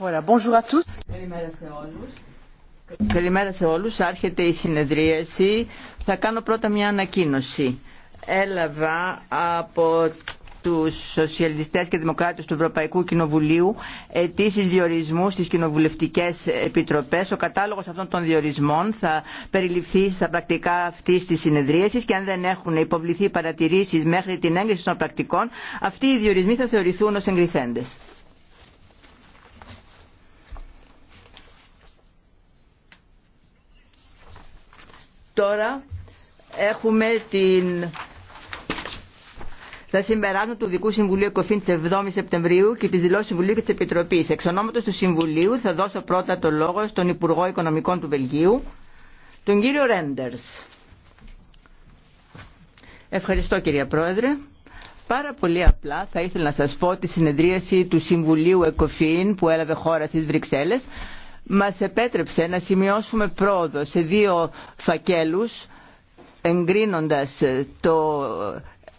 bonjour à tous. Καλημέρα σε όλους. Καλημέρα σε Άρχεται η συνεδρίαση. Θα κάνω πρώτα μια ανακοίνωση. Έλαβα από τους σοσιαλιστές και δημοκράτες του Ευρωπαϊκού Κοινοβουλίου αιτήσεις διορισμού στις κοινοβουλευτικές επιτροπές. Ο κατάλογος αυτών των διορισμών θα περιληφθεί στα πρακτικά αυτή τη συνεδρίασης και αν δεν έχουν υποβληθεί παρατηρήσεις μέχρι την έγκριση των πρακτικών, αυτοί οι διορισμοί θα θεωρηθούν ως εγκριθέντες. Τώρα έχουμε την... Τα του Δικού Συμβουλίου Εκοφήν τη 7η Σεπτεμβρίου και τη Δηλώσει Συμβουλίου και τη Επιτροπή. Εξ ονόματο του Συμβουλίου θα δώσω πρώτα το λόγο στον Υπουργό Οικονομικών του Βελγίου, τον κύριο Ρέντερ. Ευχαριστώ κύριε Πρόεδρε. Πάρα πολύ απλά θα ήθελα να σας πω τη συνεδρίαση του Συμβουλίου ΕΚΟΦΗΝ που έλαβε χώρα στις Βρυξέλλες μας επέτρεψε να σημειώσουμε πρόοδο σε δύο φακέλους εγκρίνοντας το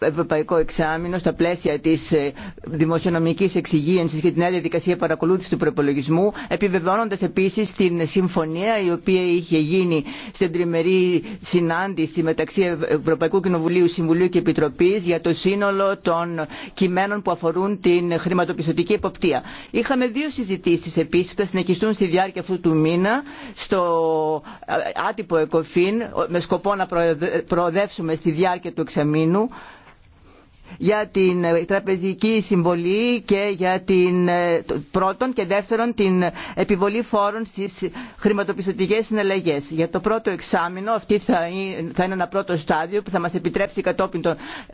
Ευρωπαϊκό Εξάμεινο στα πλαίσια τη ε, δημοσιονομική εξυγίανση και την άλλη διαδικασία παρακολούθηση του προπολογισμού, επιβεβαιώνοντα επίση την συμφωνία η οποία είχε γίνει στην τριμερή συνάντηση μεταξύ Ευρωπαϊκού Κοινοβουλίου, Συμβουλίου και Επιτροπή για το σύνολο των κειμένων που αφορούν την χρηματοπιστωτική εποπτεία. Είχαμε δύο συζητήσει επίση που θα συνεχιστούν στη διάρκεια αυτού του μήνα στο ε, άτυπο ΕΚΟΦΗΝ με σκοπό να προοδεύσουμε στη διάρκεια του εξαμήνου για την ε, τραπεζική συμβολή και για την ε, πρώτον και δεύτερον την επιβολή φόρων στις χρηματοπιστωτικές συναλλαγές. Για το πρώτο εξάμεινο αυτή θα είναι ένα πρώτο στάδιο που θα μας επιτρέψει κατόπιν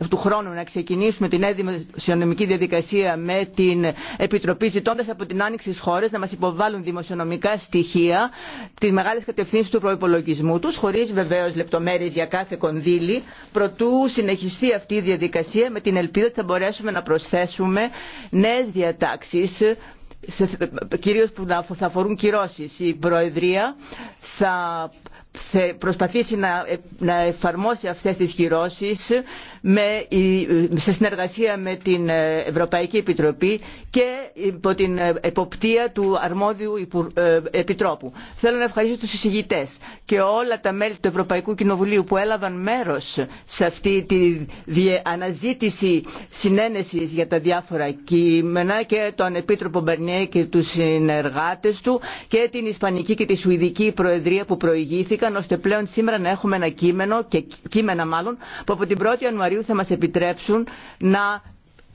του χρόνου να ξεκινήσουμε την νέα δημοσιονομική διαδικασία με την Επιτροπή ζητώντα από την άνοιξη στις χώρες να μας υποβάλουν δημοσιονομικά στοιχεία τις μεγάλες κατευθύνσεις του προϋπολογισμού τους χωρίς βεβαίως λεπτομέρειες για κάθε κονδύλι προτού συνεχιστεί αυτή η διαδικασία με την ελπίδα ότι θα μπορέσουμε να προσθέσουμε νέες διατάξεις κυρίως που θα αφορούν κυρώσεις. Η Προεδρία θα προσπαθήσει ε, να, εφαρμόσει αυτές τις κυρώσεις με, σε συνεργασία με την ε, Ευρωπαϊκή Επιτροπή και υπό την ε, εποπτεία του αρμόδιου επιτρόπου. Θέλω να ευχαριστήσω τους εισηγητές και όλα τα μέλη του Ευρωπαϊκού Κοινοβουλίου που έλαβαν μέρος σε αυτή τη αναζήτηση συνένεσης για τα διάφορα κείμενα και τον Επίτροπο Μπερνιέ και τους συνεργάτες του και την Ισπανική και τη Σουηδική Προεδρία που προηγήθηκαν ήταν ώστε πλέον σήμερα να έχουμε ένα κείμενο και κείμενα μάλλον που από την 1η Ιανουαρίου θα μας επιτρέψουν να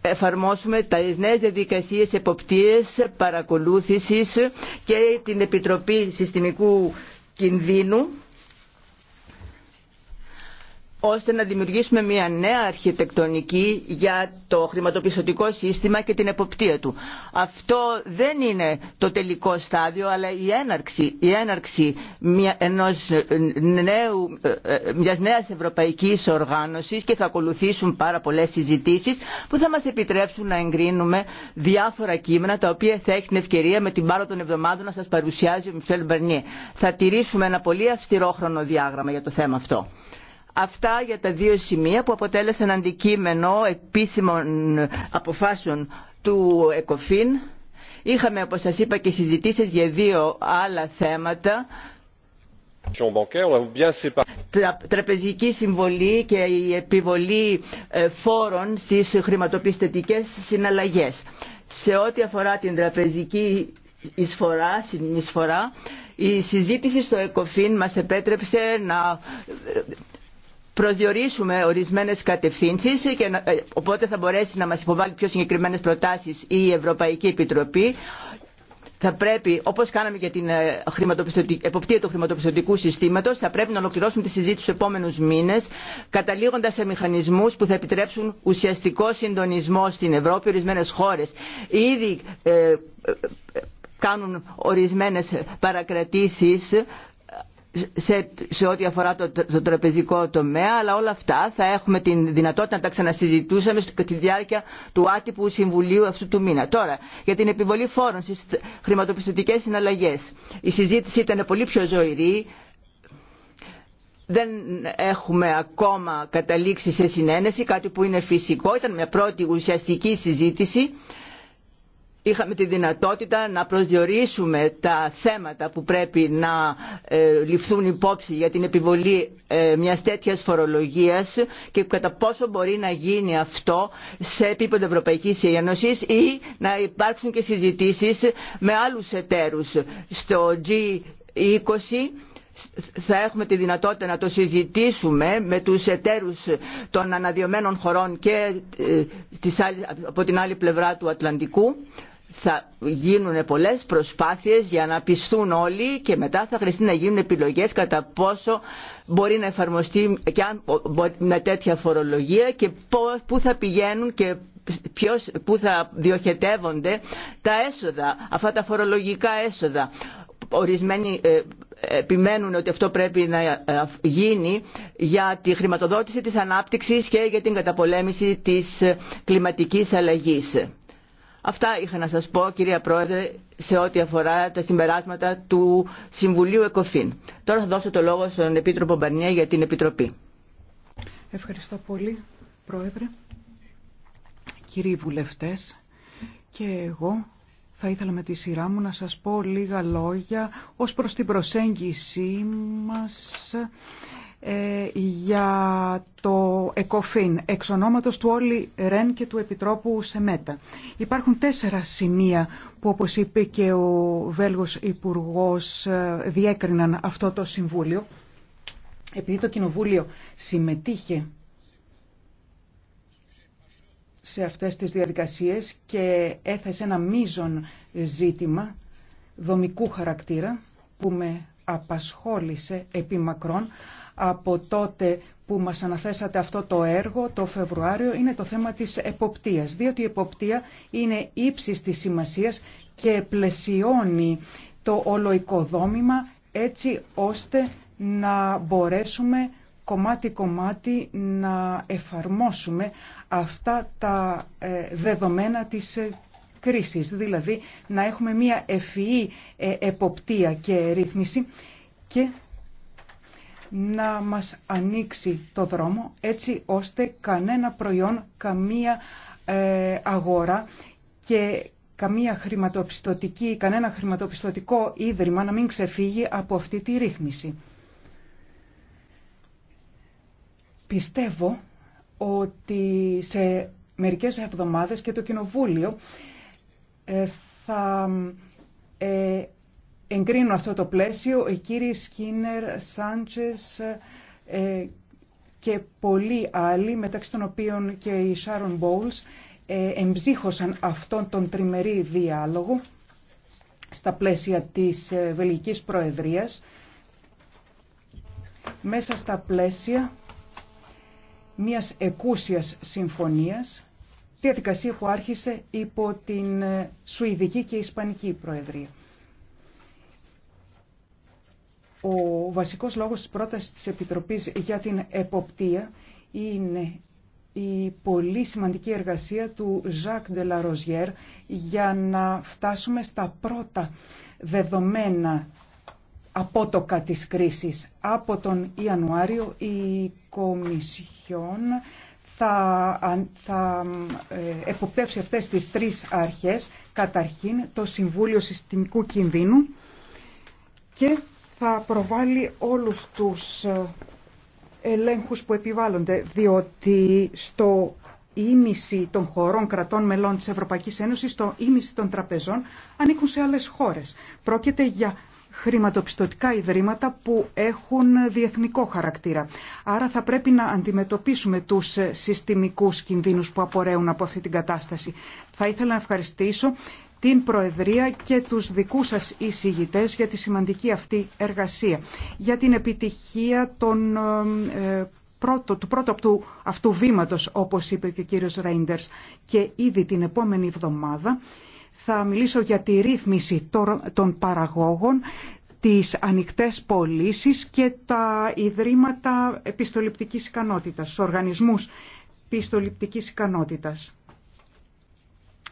εφαρμόσουμε τα νέες διαδικασίες εποπτείες, παρακολούθησης και την Επιτροπή Συστημικού Κινδύνου ώστε να δημιουργήσουμε μια νέα αρχιτεκτονική για το χρηματοπιστωτικό σύστημα και την εποπτεία του. Αυτό δεν είναι το τελικό στάδιο, αλλά η έναρξη, η έναρξη μια, ενός νέου, ε, μιας νέας ευρωπαϊκής οργάνωσης και θα ακολουθήσουν πάρα πολλές συζητήσεις που θα μας επιτρέψουν να εγκρίνουμε διάφορα κείμενα τα οποία θα έχει την ευκαιρία με την πάρα των εβδομάδων να σας παρουσιάζει ο Μισελ Μπερνιέ. Θα τηρήσουμε ένα πολύ αυστηρό χρονοδιάγραμμα για το θέμα αυτό. Αυτά για τα δύο σημεία που αποτέλεσαν αντικείμενο επίσημων αποφάσεων του ΕΚΟΦΗΝ. Είχαμε, όπως σας είπα, και συζητήσεις για δύο άλλα θέματα. Τραπεζική συμβολή και η επιβολή ε, φόρων στις χρηματοπιστωτικές συναλλαγές. Σε ό,τι αφορά την τραπεζική εισφορά, η συζήτηση στο ΕΚΟΦΗΝ μας επέτρεψε να ε, προσδιορίσουμε ορισμένες κατευθύνσεις και ε, οπότε θα μπορέσει να μας υποβάλει πιο συγκεκριμένες προτάσεις η Ευρωπαϊκή Επιτροπή θα πρέπει, όπω κάναμε για την ε, εποπτεία του χρηματοπιστωτικού συστήματο, θα πρέπει να ολοκληρώσουμε τη συζήτηση του επόμενου μήνε, καταλήγοντα σε μηχανισμού που θα επιτρέψουν ουσιαστικό συντονισμό στην Ευρώπη. Ορισμένε χώρε ήδη ε, ε κάνουν ορισμένε παρακρατήσει σε, σε ό,τι αφορά το, το τραπεζικό τομέα, αλλά όλα αυτά θα έχουμε τη δυνατότητα να τα ξανασυζητούσαμε στη διάρκεια του άτυπου συμβουλίου αυτού του μήνα. Τώρα, για την επιβολή φόρων στις χρηματοπιστωτικές συναλλαγές. Η συζήτηση ήταν πολύ πιο ζωηρή. Δεν έχουμε ακόμα καταλήξει σε συνένεση, κάτι που είναι φυσικό. Ήταν μια πρώτη ουσιαστική συζήτηση είχαμε τη δυνατότητα να προσδιορίσουμε τα θέματα που πρέπει να ε, ληφθούν υπόψη για την επιβολή ε, μιας τέτοιας φορολογίας και κατά πόσο μπορεί να γίνει αυτό σε επίπεδο Ευρωπαϊκής Ένωσης ή να υπάρξουν και συζητήσεις με άλλους εταίρους στο G20 θα έχουμε τη δυνατότητα να το συζητήσουμε με τους εταίρους των αναδιωμένων χωρών και ε, από την άλλη πλευρά του Ατλαντικού θα γίνουν πολλές προσπάθειες για να πιστούν όλοι και μετά θα χρειαστεί να γίνουν επιλογές κατά πόσο μπορεί να εφαρμοστεί και αν, με τέτοια φορολογία και πού θα πηγαίνουν και ποιος, πού θα διοχετεύονται τα έσοδα, αυτά τα φορολογικά έσοδα. Ορισμένοι ε, επιμένουν ότι αυτό πρέπει να ε, γίνει για τη χρηματοδότηση της ανάπτυξης και για την καταπολέμηση της ε, κλιματικής αλλαγής. Αυτά είχα να σας πω, κυρία Πρόεδρε, σε ό,τι αφορά τα συμπεράσματα του Συμβουλίου ΕΚΟΦΗΝ. Τώρα θα δώσω το λόγο στον Επίτροπο Μπαρνιέ για την Επιτροπή. Ευχαριστώ πολύ, Πρόεδρε, κύριοι βουλευτές και εγώ θα ήθελα με τη σειρά μου να σας πω λίγα λόγια ως προς την προσέγγιση μας ε, για το ΕΚΟΦΗΝ, εξ ονόματος του Όλη Ρεν και του Επιτρόπου Σεμέτα. Υπάρχουν τέσσερα σημεία που, όπως είπε και ο Βέλγος Υπουργός, ε, διέκριναν αυτό το Συμβούλιο. Επειδή το Κοινοβούλιο συμμετείχε σε αυτές τις διαδικασίες και έθεσε ένα μείζον ζήτημα δομικού χαρακτήρα που με απασχόλησε επί μακρόν, από τότε που μας αναθέσατε αυτό το έργο το Φεβρουάριο είναι το θέμα της εποπτείας, διότι η εποπτεία είναι ύψης της σημασίας και πλαισιώνει το ολοοικοδόμημα έτσι ώστε να μπορέσουμε κομμάτι-κομμάτι να εφαρμόσουμε αυτά τα ε, δεδομένα της ε, κρίσης, δηλαδή να έχουμε μια ευφυή ε, εποπτεία και ρύθμιση και να μας ανοίξει το δρόμο έτσι ώστε κανένα προϊόν, καμία ε, αγορά και καμία χρηματοπιστωτική, κανένα χρηματοπιστωτικό ίδρυμα να μην ξεφύγει από αυτή τη ρύθμιση. Πιστεύω ότι σε μερικές εβδομάδες και το Κοινοβούλιο ε, θα ε, Εγκρίνω αυτό το πλαίσιο οι ε, κύριοι Σκίνερ, Σάντσες ε, και πολλοί άλλοι, μεταξύ των οποίων και η Σάρον Μπόουλς, ε, εμψύχωσαν αυτόν τον τριμερή διάλογο στα πλαίσια της ε, Βελγικής Προεδρίας, μέσα στα πλαίσια μιας εκούσιας συμφωνίας, διαδικασία που άρχισε υπό την Σουηδική και Ισπανική Προεδρία. Ο βασικός λόγος της πρότασης της Επιτροπής για την εποπτεία είναι η πολύ σημαντική εργασία του Ζακ Ντελαροζιέρ για να φτάσουμε στα πρώτα δεδομένα απότοκα της κρίσης. Από τον Ιανουάριο η Κομισιόν θα, θα ε, εποπτεύσει αυτές τις τρεις αρχές, καταρχήν το Συμβούλιο Συστημικού Κινδύνου και θα προβάλλει όλους τους ε, ελέγχους που επιβάλλονται, διότι στο ίμιση των χωρών κρατών μελών της Ευρωπαϊκής Ένωσης, στο ίμιση των τραπεζών, ανήκουν σε άλλες χώρες. Πρόκειται για χρηματοπιστωτικά ιδρύματα που έχουν διεθνικό χαρακτήρα. Άρα θα πρέπει να αντιμετωπίσουμε τους ε, συστημικούς κινδύνους που απορρέουν από αυτή την κατάσταση. Θα ήθελα να ευχαριστήσω την Προεδρία και τους δικούς σας εισηγητές για τη σημαντική αυτή εργασία, για την επιτυχία των, ε, του πρώτου αυτού, αυτού βήματος, όπως είπε και ο κύριος Ρέιντερς. Και ήδη την επόμενη εβδομάδα θα μιλήσω για τη ρύθμιση των παραγόγων, τις ανοιχτές πωλήσει και τα ιδρύματα επιστοληπτικής ικανότητας, στους οργανισμούς επιστοληπτικής ικανότητας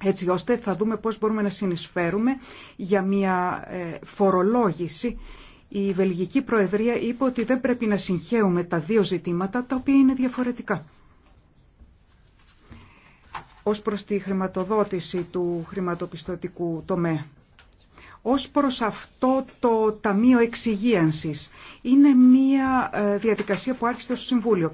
έτσι ώστε θα δούμε πώς μπορούμε να συνεισφέρουμε για μια ε, φορολόγηση. Η Βελγική Προεδρία είπε ότι δεν πρέπει να συγχαίουμε τα δύο ζητήματα τα οποία είναι διαφορετικά. Ως προς τη χρηματοδότηση του χρηματοπιστωτικού τομέα. Ως προς αυτό το Ταμείο Εξυγίανσης. Είναι μια ε, διαδικασία που άρχισε στο Συμβούλιο.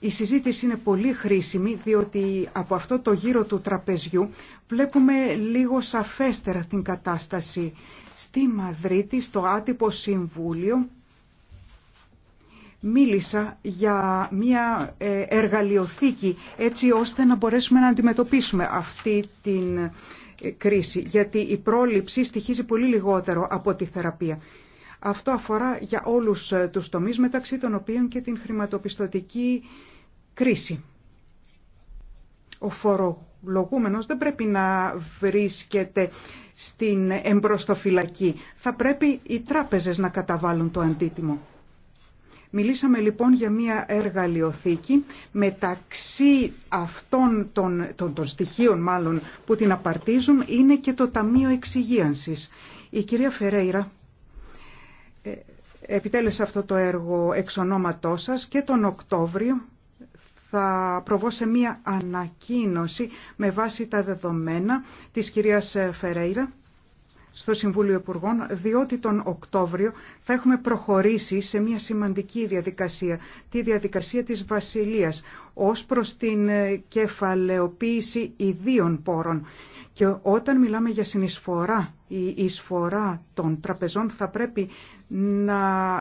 Η συζήτηση είναι πολύ χρήσιμη διότι από αυτό το γύρο του τραπεζιού βλέπουμε λίγο σαφέστερα την κατάσταση. Στη Μαδρίτη, στο άτυπο συμβούλιο, μίλησα για μια ε, εργαλειοθήκη έτσι ώστε να μπορέσουμε να αντιμετωπίσουμε αυτή την ε, κρίση γιατί η πρόληψη στοιχίζει πολύ λιγότερο από τη θεραπεία. Αυτό αφορά για όλους ε, τους τομείς, μεταξύ των οποίων και την χρηματοπιστωτική κρίση. Ο φορολογούμενος δεν πρέπει να βρίσκεται στην εμπροστοφυλακή. Θα πρέπει οι τράπεζες να καταβάλουν το αντίτιμο. Μιλήσαμε λοιπόν για μια εργαλειοθήκη μεταξύ αυτών των, των, στοιχείων μάλλον που την απαρτίζουν είναι και το Ταμείο Εξυγίανσης. Η κυρία Φερέιρα ε, επιτέλεσε αυτό το έργο εξ ονόματός σας και τον Οκτώβριο θα προβώ σε μία ανακοίνωση με βάση τα δεδομένα της κυρίας Φερέιρα στο Συμβούλιο Υπουργών, διότι τον Οκτώβριο θα έχουμε προχωρήσει σε μια σημαντική διαδικασία, τη διαδικασία της Βασιλείας, ως προς την κεφαλαιοποίηση ιδίων πόρων. Και όταν μιλάμε για συνεισφορά, η εισφορά των τραπεζών θα πρέπει να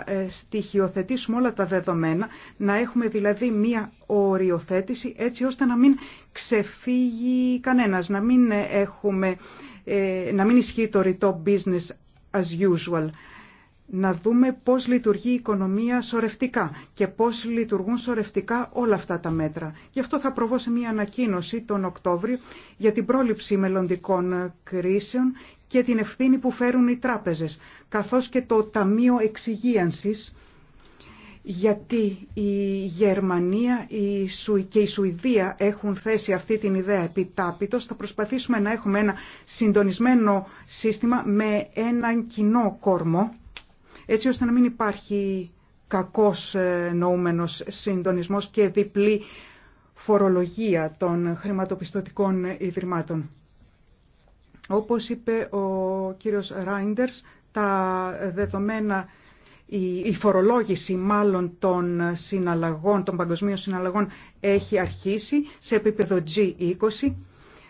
ε, στοιχειοθετήσουμε όλα τα δεδομένα, να έχουμε δηλαδή μία οριοθέτηση έτσι ώστε να μην ξεφύγει κανένας, να μην, έχουμε, ε, να μην ισχύει το ρητό business as usual να δούμε πώς λειτουργεί η οικονομία σορευτικά και πώς λειτουργούν σορευτικά όλα αυτά τα μέτρα. Γι' αυτό θα προβώ σε μια ανακοίνωση τον Οκτώβριο για την πρόληψη μελλοντικών κρίσεων και την ευθύνη που φέρουν οι τράπεζες, καθώς και το Ταμείο Εξυγίανσης, γιατί η Γερμανία και η Σουηδία έχουν θέσει αυτή την ιδέα επιτάπητος. Θα προσπαθήσουμε να έχουμε ένα συντονισμένο σύστημα με έναν κοινό κόρμο έτσι ώστε να μην υπάρχει κακός ε, νοούμενος συντονισμός και διπλή φορολογία των χρηματοπιστωτικών ιδρυμάτων. Όπως είπε ο κύριος Ράιντερς, τα δεδομένα, η φορολόγηση μάλλον των συναλλαγών, των παγκοσμίων συναλλαγών έχει αρχίσει σε επίπεδο G20.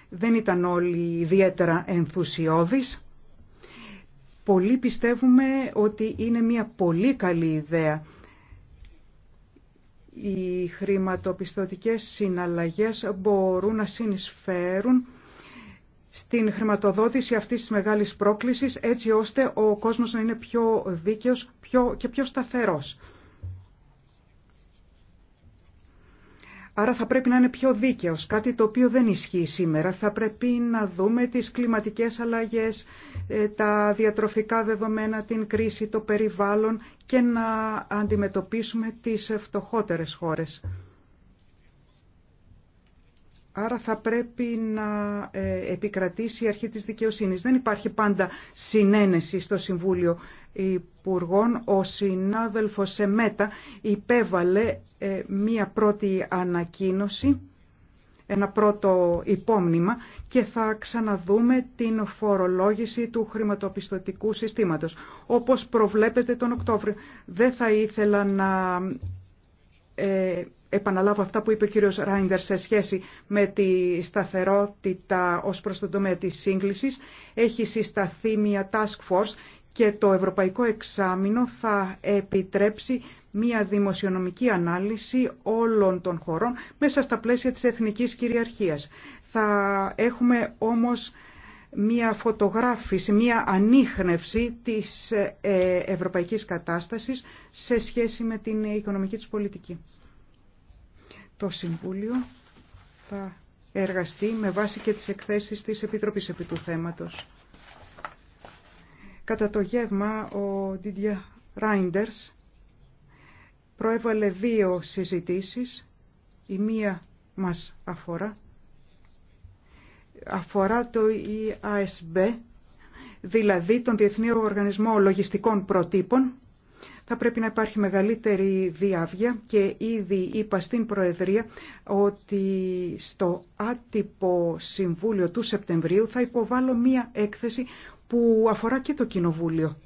Δεν ήταν όλοι ιδιαίτερα ενθουσιώδεις Πολλοί πιστεύουμε ότι είναι μια πολύ καλή ιδέα οι χρηματοπιστωτικές συναλλαγές μπορούν να συνεισφέρουν στην χρηματοδότηση αυτής της μεγάλης πρόκλησης έτσι ώστε ο κόσμος να είναι πιο δίκαιος πιο και πιο σταθερός. Άρα θα πρέπει να είναι πιο δίκαιος, κάτι το οποίο δεν ισχύει σήμερα. Θα πρέπει να δούμε τις κλιματικές αλλαγές, ε, τα διατροφικά δεδομένα, την κρίση, το περιβάλλον και να αντιμετωπίσουμε τις φτωχότερες χώρες. Άρα θα πρέπει να ε, επικρατήσει η αρχή της δικαιοσύνης. Δεν υπάρχει πάντα συνένεση στο Συμβούλιο Υπουργών. Ο συνάδελφος Σεμέτα υπέβαλε ε, μία πρώτη ανακοίνωση, ένα πρώτο υπόμνημα και θα ξαναδούμε την φορολόγηση του χρηματοπιστωτικού συστήματος, όπως προβλέπεται τον Οκτώβριο. Δεν θα ήθελα να ε, επαναλάβω αυτά που είπε ο κύριος Ράιντερ σε σχέση με τη σταθερότητα ως προς τον τομέα της σύγκλησης. Έχει συσταθεί μια task force και το Ευρωπαϊκό Εξάμεινο θα επιτρέψει μια δημοσιονομική ανάλυση όλων των χωρών μέσα στα πλαίσια της εθνικής κυριαρχίας. Θα έχουμε όμως μια φωτογράφηση, μια ανείχνευση της ε, ευρωπαϊκής κατάστασης σε σχέση με την οικονομική της πολιτική. Το Συμβούλιο θα εργαστεί με βάση και τις εκθέσεις της Επιτροπής επί του θέματος. Κατά το γεύμα, ο Ντίντια Ράιντερς προέβαλε δύο συζητήσεις. Η μία μας αφορά. Αφορά το EASB, δηλαδή τον Διεθνή Οργανισμό Λογιστικών Προτύπων, θα πρέπει να υπάρχει μεγαλύτερη διάβια και ήδη είπα στην Προεδρία ότι στο άτυπο Συμβούλιο του Σεπτεμβρίου θα υποβάλω μία έκθεση που αφορά και το Κοινοβούλιο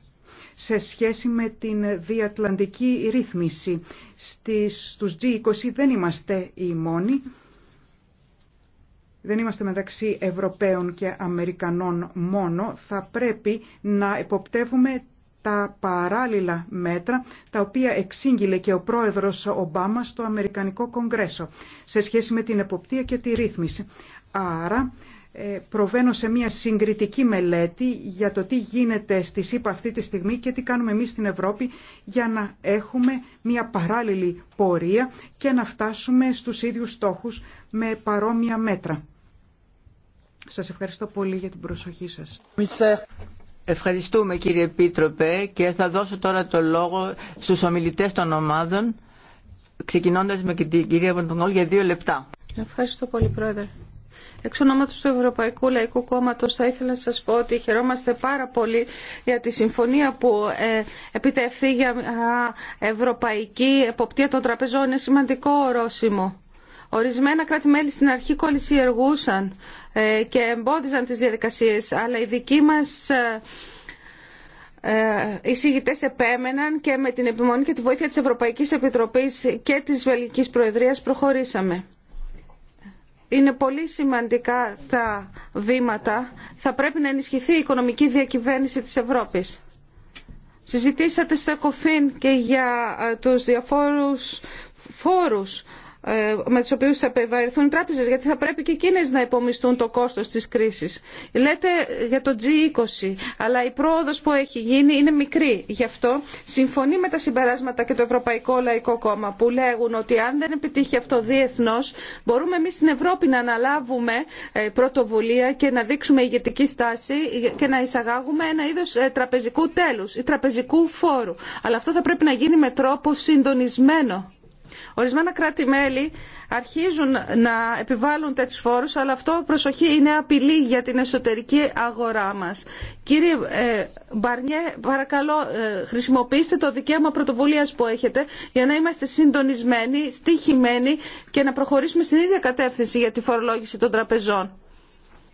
σε σχέση με την διατλαντική ρύθμιση. Στις, στους G20 δεν είμαστε οι μόνοι. Δεν είμαστε μεταξύ Ευρωπαίων και Αμερικανών μόνο. Θα πρέπει να εποπτεύουμε τα παράλληλα μέτρα τα οποία εξήγηλε και ο πρόεδρος Ομπάμα στο Αμερικανικό Κογκρέσο σε σχέση με την εποπτεία και τη ρύθμιση. Άρα ε, προβαίνω σε μια συγκριτική μελέτη για το τι γίνεται στη ΣΥΠΑ αυτή τη στιγμή και τι κάνουμε εμείς στην Ευρώπη για να έχουμε μια παράλληλη πορεία και να φτάσουμε στους ίδιους στόχους με παρόμοια μέτρα. Σας ευχαριστώ πολύ για την προσοχή σας. Ευχαριστούμε κύριε Επίτροπε και θα δώσω τώρα το λόγο στους ομιλητές των ομάδων ξεκινώντας με την κυρία Βοντονόλ για δύο λεπτά. Ευχαριστώ πολύ Πρόεδρε. Εξ ονόματος του Ευρωπαϊκού Λαϊκού Κόμματος θα ήθελα να σας πω ότι χαιρόμαστε πάρα πολύ για τη συμφωνία που ε, επιτευχθεί για ευρωπαϊκή εποπτεία των τραπεζών. Είναι σημαντικό ορόσημο Ορισμένα κράτη-μέλη στην αρχή εργούσαν ε, και εμπόδιζαν τις διαδικασίες, αλλά οι δικοί μας οι ε, ε, επέμεναν και με την επιμονή και τη βοήθεια της Ευρωπαϊκής Επιτροπής και της Βελγικής Προεδρίας προχωρήσαμε. Είναι πολύ σημαντικά τα βήματα. Θα πρέπει να ενισχυθεί η οικονομική διακυβέρνηση της Ευρώπης. Συζητήσατε στο ΕΚΟΦΗΝ και για τους διαφόρους φόρους ε, με τους οποίους θα επιβαρυνθούν οι τράπεζες, γιατί θα πρέπει και εκείνες να υπομισθούν το κόστος της κρίσης. Λέτε για το G20, αλλά η πρόοδος που έχει γίνει είναι μικρή. Γι' αυτό συμφωνεί με τα συμπεράσματα και το Ευρωπαϊκό Λαϊκό Κόμμα που λέγουν ότι αν δεν επιτύχει αυτό διεθνώς, μπορούμε εμείς στην Ευρώπη να αναλάβουμε ε, πρωτοβουλία και να δείξουμε ηγετική στάση και να εισαγάγουμε ένα είδος ε, τραπεζικού τέλους ή τραπεζικού φόρου. Αλλά αυτό θα πρέπει να γίνει με τρόπο συντονισμένο Ορισμένα κράτη-μέλη αρχίζουν να επιβάλλουν τέτοιου φόρου, αλλά αυτό, προσοχή, είναι απειλή για την εσωτερική αγορά μας. Κύριε ε, Μπαρνιέ, παρακαλώ, ε, χρησιμοποιήστε το δικαίωμα πρωτοβουλία που έχετε για να είμαστε συντονισμένοι, στοιχημένοι και να προχωρήσουμε στην ίδια κατεύθυνση για τη φορολόγηση των τραπεζών.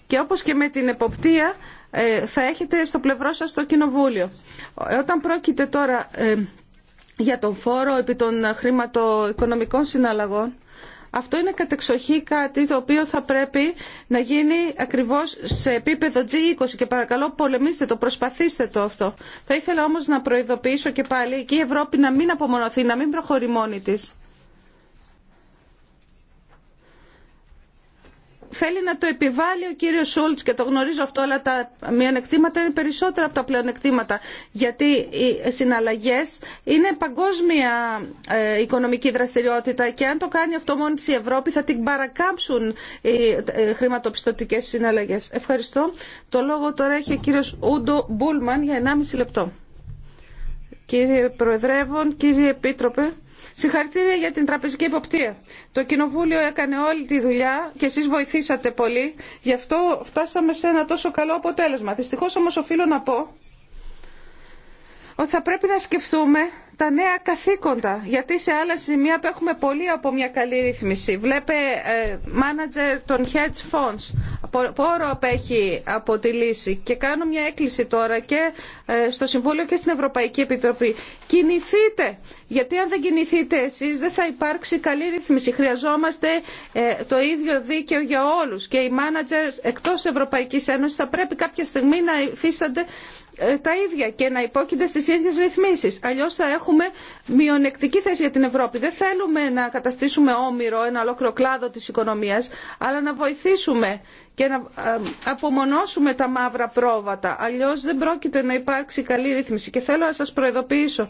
Και όπως και με την εποπτεία ε, θα έχετε στο πλευρό σας το κοινοβούλιο. Όταν πρόκειται τώρα για τον φόρο επί των χρηματοοικονομικών συναλλαγών. Αυτό είναι κατεξοχή κάτι το οποίο θα πρέπει να γίνει ακριβώς σε επίπεδο G20 και παρακαλώ πολεμήστε το, προσπαθήστε το αυτό. Θα ήθελα όμως να προειδοποιήσω και πάλι και η Ευρώπη να μην απομονωθεί, να μην προχωρεί μόνη της. θέλει να το επιβάλλει ο κύριος Σούλτ και το γνωρίζω αυτό, αλλά τα μειονεκτήματα είναι περισσότερα από τα πλεονεκτήματα, γιατί οι συναλλαγέ είναι παγκόσμια ε, οικονομική δραστηριότητα και αν το κάνει αυτό μόνη τη η Ευρώπη θα την παρακάμψουν οι ε, χρηματοπιστωτικές συναλλαγέ. Ευχαριστώ. Το λόγο τώρα έχει ο κύριο Ούντο Μπούλμαν για 1,5 λεπτό. Κύριε Προεδρεύον, κύριε Επίτροπε, Συγχαρητήρια για την τραπεζική υποπτία. Το Κοινοβούλιο έκανε όλη τη δουλειά και εσείς βοηθήσατε πολύ. Γι' αυτό φτάσαμε σε ένα τόσο καλό αποτέλεσμα. Δυστυχώ όμω οφείλω να πω ότι θα πρέπει να σκεφτούμε τα νέα καθήκοντα. Γιατί σε άλλα σημεία που έχουμε πολύ από μια καλή ρύθμιση. Βλέπε μάνατζερ των hedge funds, πόρο απέχει από τη λύση. Και κάνω μια έκκληση τώρα και ε, στο Συμβούλιο και στην Ευρωπαϊκή Επιτροπή. Κινηθείτε, γιατί αν δεν κινηθείτε εσεί δεν θα υπάρξει καλή ρύθμιση. Χρειαζόμαστε ε, το ίδιο δίκαιο για όλου. Και οι μάνατζερ εκτό Ευρωπαϊκή Ένωση θα πρέπει κάποια στιγμή να υφίστανται τα ίδια και να υπόκεινται στις ίδιες ρυθμίσεις. Αλλιώς θα έχουμε μειονεκτική θέση για την Ευρώπη. Δεν θέλουμε να καταστήσουμε όμοιρο ένα ολόκληρο κλάδο της οικονομίας, αλλά να βοηθήσουμε και να ε, απομονώσουμε τα μαύρα πρόβατα. Αλλιώς δεν πρόκειται να υπάρξει καλή ρύθμιση. Και θέλω να σας προειδοποιήσω.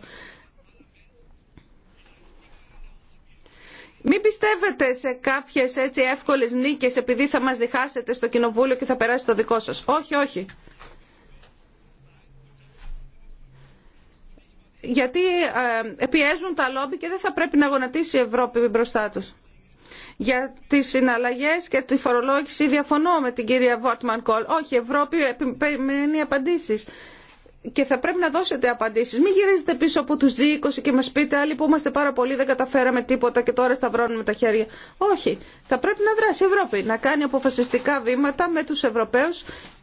Μην πιστεύετε σε κάποιες έτσι εύκολες νίκες επειδή θα μας διχάσετε στο κοινοβούλιο και θα περάσει το δικό σας. Όχι, όχι. γιατί ε, πιέζουν τα λόμπι και δεν θα πρέπει να γονατίσει η Ευρώπη μπροστά του. Για τι συναλλαγέ και τη φορολόγηση διαφωνώ με την κυρία Βότμαν Κόλ. Όχι, η Ευρώπη περιμένει απαντήσει. και θα πρέπει να δώσετε απαντήσει. Μην γυρίζετε πίσω από του G20 και μα πείτε άλλοι που είμαστε πάρα πολύ δεν καταφέραμε τίποτα και τώρα σταυρώνουμε τα χέρια. Όχι, θα πρέπει να δράσει η Ευρώπη, να κάνει αποφασιστικά βήματα με του Ευρωπαίου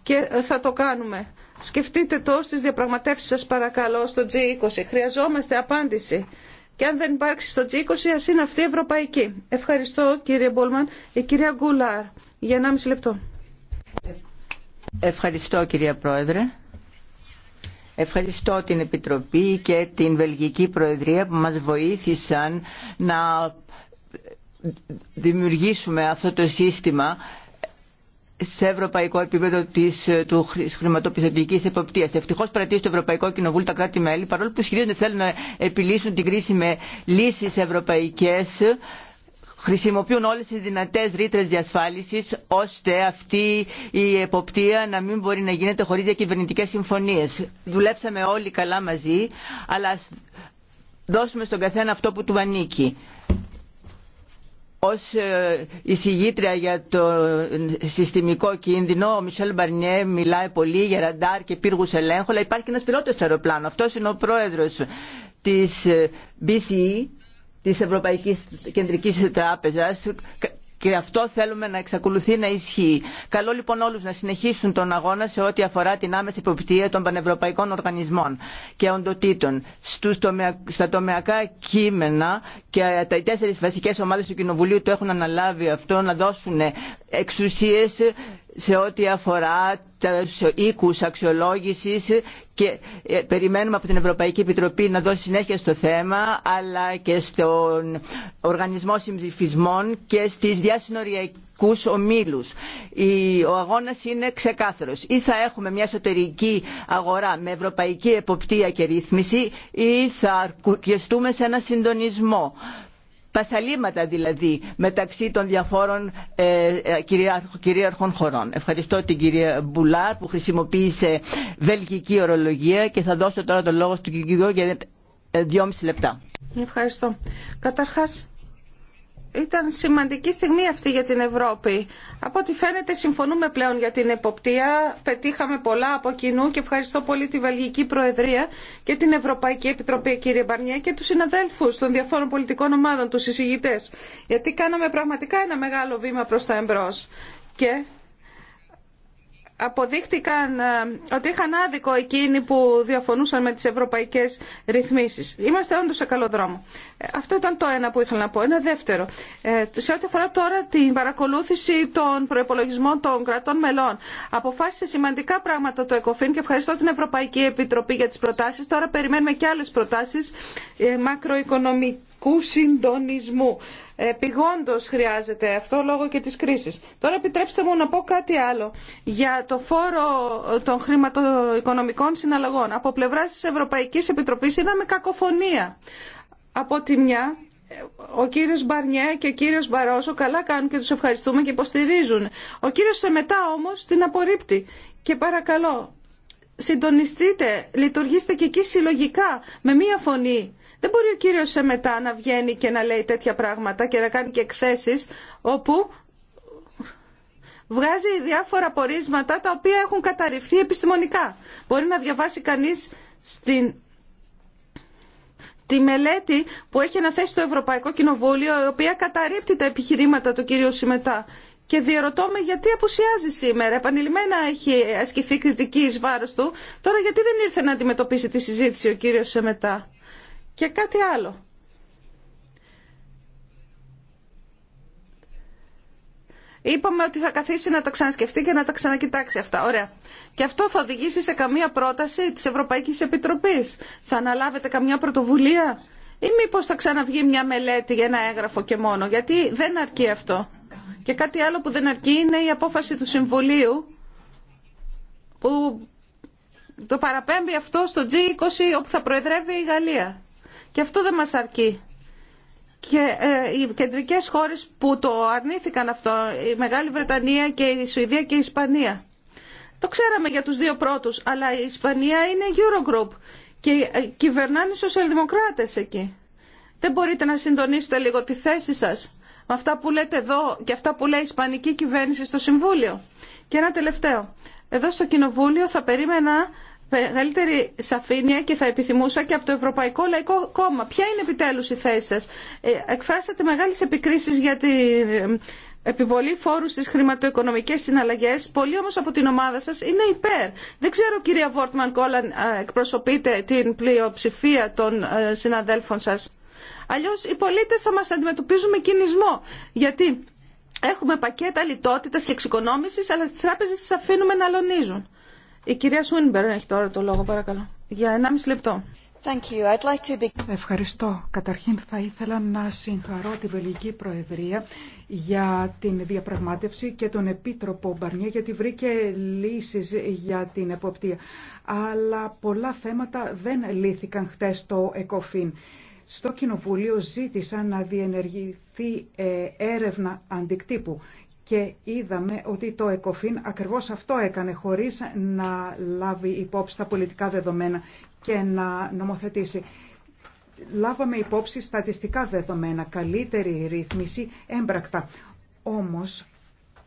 και θα το κάνουμε. Σκεφτείτε το στις διαπραγματεύσεις σας παρακαλώ στο G20. Χρειαζόμαστε απάντηση. Και αν δεν υπάρξει στο G20 ας είναι αυτή η ευρωπαϊκή. Ευχαριστώ κύριε Μπόλμαν. Η κυρία Γκούλαρ για 1,5 λεπτό. Ευχαριστώ κυρία Πρόεδρε. Ευχαριστώ την Επιτροπή και την Βελγική Προεδρία που μας βοήθησαν να δημιουργήσουμε αυτό το σύστημα σε ευρωπαϊκό επίπεδο της, ε, του χρηματοπιστωτικής εποπτείας. Ευτυχώς παρατήρησε το Ευρωπαϊκό Κοινοβούλιο τα κράτη-μέλη, παρόλο που ισχυρίζονται θέλουν να επιλύσουν την κρίση με λύσει ευρωπαϊκέ, χρησιμοποιούν όλες τις δυνατές ρήτρες διασφάλισης ώστε αυτή η εποπτεία να μην μπορεί να γίνεται χωρίς διακυβερνητικές συμφωνίες. Δουλέψαμε όλοι καλά μαζί, αλλά δώσουμε στον καθένα αυτό που του ανήκει ως ε, εισηγήτρια για το συστημικό κίνδυνο, ο Μισελ Μπαρνιέ μιλάει πολύ για ραντάρ και πύργους ελέγχου, αλλά υπάρχει και ένας πιλότος αεροπλάνο. Αυτός είναι ο πρόεδρος της BCE, ε, της Ευρωπαϊκής Κεντρικής Τράπεζας, και αυτό θέλουμε να εξακολουθεί να ισχύει. Καλό λοιπόν όλους να συνεχίσουν τον αγώνα σε ό,τι αφορά την άμεση υποπτία των πανευρωπαϊκών οργανισμών και οντοτήτων. Στους Στα τομεακά κείμενα και τα τέσσερι βασικές ομάδες του Κοινοβουλίου το έχουν αναλάβει αυτό να δώσουν εξουσίες σε ό,τι αφορά του οίκους αξιολόγησης και ε, περιμένουμε από την Ευρωπαϊκή Επιτροπή να δώσει συνέχεια στο θέμα αλλά και στον οργανισμό συμψηφισμών και στις διασυνοριακούς ομίλους. Ο αγώνας είναι ξεκάθαρος. Ή θα έχουμε μια εσωτερική αγορά με ευρωπαϊκή εποπτεία και ρύθμιση ή θα αρκουκεστούμε σε ένα συντονισμό πασαλήματα δηλαδή μεταξύ των διαφόρων ε, ε, κυρίαρχων χωρών. Ευχαριστώ την κυρία Μπουλάρ που χρησιμοποίησε βελγική ορολογία και θα δώσω τώρα το λόγο στον κύριο για ε, δυόμιση λεπτά. Ευχαριστώ. Καταρχάς, ήταν σημαντική στιγμή αυτή για την Ευρώπη. Από ό,τι φαίνεται συμφωνούμε πλέον για την εποπτεία. Πετύχαμε πολλά από κοινού και ευχαριστώ πολύ τη Βελγική Προεδρία και την Ευρωπαϊκή Επιτροπή κύριε Μπαρνιέ και τους συναδέλφους των διαφόρων πολιτικών ομάδων, τους συζητητές. Γιατί κάναμε πραγματικά ένα μεγάλο βήμα προς τα εμπρός. Και αποδείχτηκαν ε, ότι είχαν άδικο εκείνοι που διαφωνούσαν με τις ευρωπαϊκές ρυθμίσεις. Είμαστε όντως σε καλό δρόμο. Ε, αυτό ήταν το ένα που ήθελα να πω. Ένα δεύτερο. Ε, σε ό,τι αφορά τώρα την παρακολούθηση των προπολογισμών των κρατών μελών. Αποφάσισε σημαντικά πράγματα το ΕΚΟΦΗΝ και ευχαριστώ την Ευρωπαϊκή Επιτροπή για τις προτάσεις. Τώρα περιμένουμε και άλλες προτάσεις μακροοικονομικού συντονισμού. Επιγόντω χρειάζεται αυτό λόγω και της κρίσης. Τώρα επιτρέψτε μου να πω κάτι άλλο για το φόρο των χρηματοοικονομικών συναλλαγών. Από πλευράς της Ευρωπαϊκής Επιτροπής είδαμε κακοφωνία. Από τη μια ο κύριος Μπαρνιέ και ο κύριος Μπαρόσο καλά κάνουν και τους ευχαριστούμε και υποστηρίζουν. Ο κύριος Σεμετά όμως την απορρίπτει. Και παρακαλώ, συντονιστείτε, λειτουργήστε και εκεί συλλογικά με μία φωνή δεν μπορεί ο κύριος σε μετά να βγαίνει και να λέει τέτοια πράγματα και να κάνει και εκθέσεις όπου βγάζει διάφορα πορίσματα τα οποία έχουν καταρριφθεί επιστημονικά. Μπορεί να διαβάσει κανείς στην τη μελέτη που έχει αναθέσει το Ευρωπαϊκό Κοινοβούλιο, η οποία καταρρύπτει τα επιχειρήματα του κυρίου Σιμετά. Και διαρωτώ με γιατί απουσιάζει σήμερα. Επανειλημμένα έχει ασκηθεί κριτική εις βάρος του. Τώρα γιατί δεν ήρθε να αντιμετωπίσει τη συζήτηση ο κύριος Σεμετά. Και κάτι άλλο. Είπαμε ότι θα καθίσει να τα ξανασκεφτεί και να τα ξανακοιτάξει αυτά. Ωραία. Και αυτό θα οδηγήσει σε καμία πρόταση της Ευρωπαϊκής Επιτροπής. Θα αναλάβετε καμιά πρωτοβουλία ή μήπω θα ξαναβγεί μια μελέτη για ένα έγγραφο και μόνο. Γιατί δεν αρκεί αυτό. Και κάτι άλλο που δεν αρκεί είναι η απόφαση του Συμβουλίου που το παραπέμπει αυτό στο G20 όπου θα προεδρεύει η Γαλλία. Και αυτό δεν μας αρκεί. Και ε, οι κεντρικές χώρες που το αρνήθηκαν αυτό, η Μεγάλη Βρετανία και η Σουηδία και η Ισπανία. Το ξέραμε για τους δύο πρώτους, αλλά η Ισπανία είναι Eurogroup και ε, κυβερνάνε οι σοσιαλδημοκράτες εκεί. Δεν μπορείτε να συντονίσετε λίγο τη θέση σας με αυτά που λέτε εδώ και αυτά που λέει η Ισπανική κυβέρνηση στο Συμβούλιο. Και ένα τελευταίο. Εδώ στο Κοινοβούλιο θα περίμενα μεγαλύτερη σαφήνεια και θα επιθυμούσα και από το Ευρωπαϊκό Λαϊκό Κόμμα. Ποια είναι επιτέλους η θέση σας. Ε, εκφράσατε μεγάλες επικρίσεις για την ε, επιβολή φόρου στις χρηματοοικονομικές συναλλαγές. Πολλοί όμως από την ομάδα σας είναι υπέρ. Δεν ξέρω κυρία Βόρτμαν Κόλλαν ε, εκπροσωπείτε την πλειοψηφία των συναδέλφων σας. Αλλιώς οι πολίτες θα μας αντιμετωπίζουν με κινησμό. Γιατί έχουμε πακέτα λιτότητας και εξοικονόμησης, αλλά στις τράπεζες τις αφήνουμε να αλωνίζουν. Η κυρία Σούνιμπερ έχει τώρα το λόγο, παρακαλώ. Για 1,5 λεπτό. Thank you. I'd like to... Ευχαριστώ. Καταρχήν θα ήθελα να συγχαρώ τη Βελγική Προεδρία για την διαπραγμάτευση και τον Επίτροπο Μπαρνιέ γιατί βρήκε λύσεις για την εποπτεία. Αλλά πολλά θέματα δεν λύθηκαν χτες στο ΕΚΟΦΗΝ. Στο Κοινοβούλιο ζήτησαν να διενεργηθεί ε, έρευνα αντικτύπου και είδαμε ότι το ΕΚΟΦΗΝ ακριβώς αυτό έκανε χωρίς να λάβει υπόψη τα πολιτικά δεδομένα και να νομοθετήσει. Λάβαμε υπόψη στατιστικά δεδομένα, καλύτερη ρύθμιση, έμπρακτα. Όμως,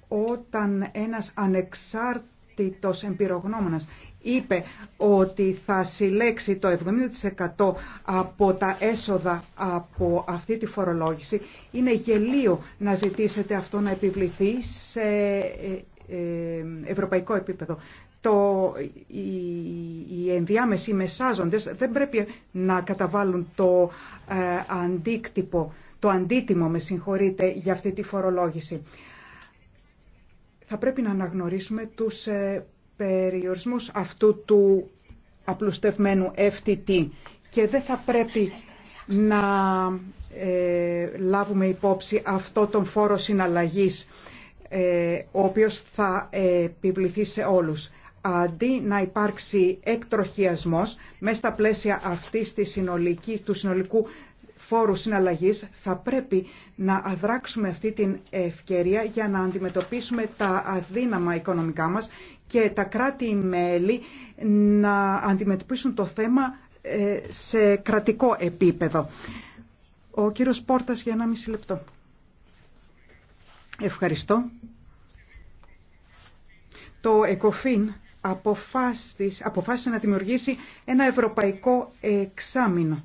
όταν ένας ανεξάρτητος εμπειρογνώμονας είπε ότι θα συλλέξει το 70% από τα έσοδα από αυτή τη φορολόγηση, είναι γελίο να ζητήσετε αυτό να επιβληθεί σε ε, ε, ευρωπαϊκό επίπεδο. Το, οι, οι ενδιάμεσοι μεσάζοντες δεν πρέπει να καταβάλουν το ε, αντίκτυπο, το αντίτιμο, με συγχωρείτε, για αυτή τη φορολόγηση. Θα πρέπει να αναγνωρίσουμε τους περιορισμούς αυτού του απλουστευμένου FTT και δεν θα πρέπει να ε, λάβουμε υπόψη αυτό τον φόρο συναλλαγής ε, ο οποίος θα επιβληθεί σε όλους. Αντί να υπάρξει εκτροχιασμός μέσα στα πλαίσια αυτής της συνολικής, του συνολικού φόρου συναλλαγής θα πρέπει να αδράξουμε αυτή την ευκαιρία για να αντιμετωπίσουμε τα αδύναμα οικονομικά μας και τα κράτη-μέλη να αντιμετωπίσουν το θέμα ε, σε κρατικό επίπεδο. Ο κύριος Πόρτας για ένα μισή λεπτό. Ευχαριστώ. Το ΕΚΟΦΗΝ αποφάσισε να δημιουργήσει ένα ευρωπαϊκό εξάμεινο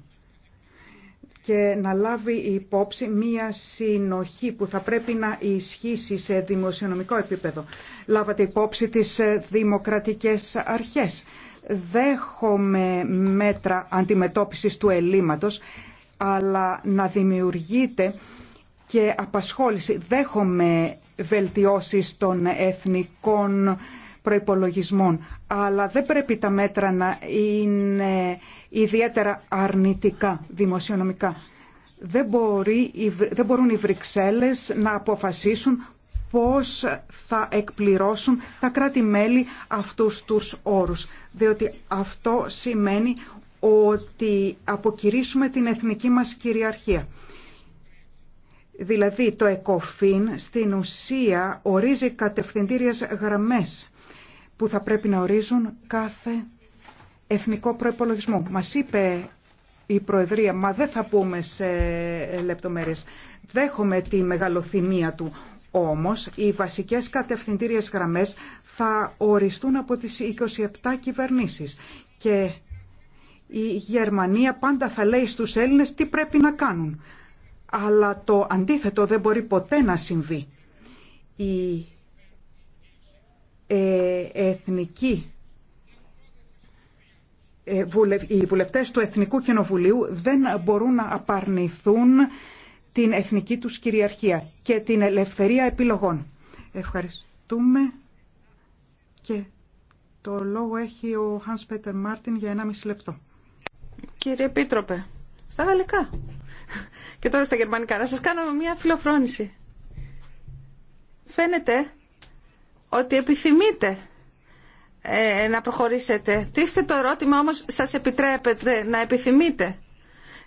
και να λάβει υπόψη μία συνοχή που θα πρέπει να ισχύσει σε δημοσιονομικό επίπεδο. Λάβατε υπόψη τις ε, δημοκρατικές αρχές. Δέχομαι μέτρα αντιμετώπισης του ελλείμματος, αλλά να δημιουργείται και απασχόληση. Δέχομαι βελτιώσεις των εθνικών προϋπολογισμών, αλλά δεν πρέπει τα μέτρα να είναι ιδιαίτερα αρνητικά δημοσιονομικά. Δεν, μπορεί, δεν μπορούν οι Βρυξέλλες να αποφασίσουν πώς θα εκπληρώσουν τα κράτη-μέλη αυτούς τους όρους. Διότι αυτό σημαίνει ότι αποκηρύσουμε την εθνική μας κυριαρχία. Δηλαδή το ΕΚΟΦΗΝ στην ουσία ορίζει κατευθυντήριες γραμμές που θα πρέπει να ορίζουν κάθε εθνικό προϋπολογισμό. Μας είπε η Προεδρία, μα δεν θα πούμε σε λεπτομέρειες. Δέχομαι τη μεγαλοθυμία του, όμως οι βασικές κατευθυντήριες γραμμές θα οριστούν από τις 27 κυβερνήσεις και η Γερμανία πάντα θα λέει στους Έλληνες τι πρέπει να κάνουν. Αλλά το αντίθετο δεν μπορεί ποτέ να συμβεί. Η ε, εθνική ε, οι βουλευτές του Εθνικού Κοινοβουλίου δεν μπορούν να απαρνηθούν την εθνική τους κυριαρχία και την ελευθερία επιλογών. Ευχαριστούμε και το λόγο έχει ο Hans Peter Μάρτιν για ένα μισή λεπτό. Κύριε Επίτροπε, στα γαλλικά και τώρα στα γερμανικά, να σας κάνω μια φιλοφρόνηση. Φαίνεται ότι επιθυμείτε ε, να προχωρήσετε. Τίστε το ερώτημα όμως σας επιτρέπετε να επιθυμείτε.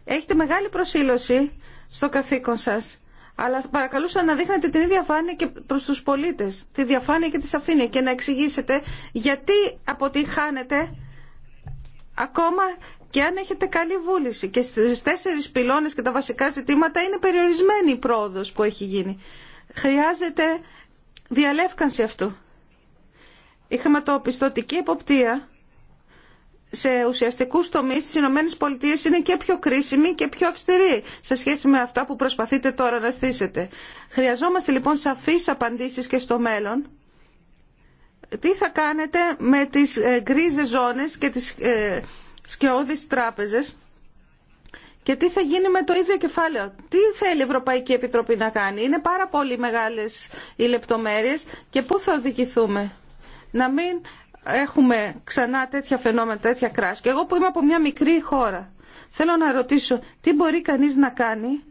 Έχετε μεγάλη προσήλωση στο καθήκον σας. Αλλά παρακαλούσα να δείχνετε την ίδια φάνεια και προς τους πολίτες. Τη διαφάνεια και τη σαφήνεια και να εξηγήσετε γιατί αποτυχάνετε ακόμα και αν έχετε καλή βούληση. Και στις τέσσερις πυλώνες και τα βασικά ζητήματα είναι περιορισμένη η πρόοδος που έχει γίνει. Χρειάζεται διαλεύκανση αυτού. Η χρηματοπιστωτική εποπτεία σε ουσιαστικού τομεί στι Ηνωμένε Πολιτείε είναι και πιο κρίσιμη και πιο αυστηρή σε σχέση με αυτά που προσπαθείτε τώρα να στήσετε. Χρειαζόμαστε λοιπόν σαφεί απαντήσει και στο μέλλον. Τι θα κάνετε με τις ε, γκρίζες ζώνες και τις ε, σκιώδεις τράπεζες και τι θα γίνει με το ίδιο κεφάλαιο. Τι θέλει η Ευρωπαϊκή Επιτροπή να κάνει. Είναι πάρα πολύ μεγάλες οι λεπτομέρειες και πού θα οδηγηθούμε. Να μην έχουμε ξανά τέτοια φαινόμενα, τέτοια κράση. Και εγώ που είμαι από μια μικρή χώρα, θέλω να ρωτήσω τι μπορεί κανείς να κάνει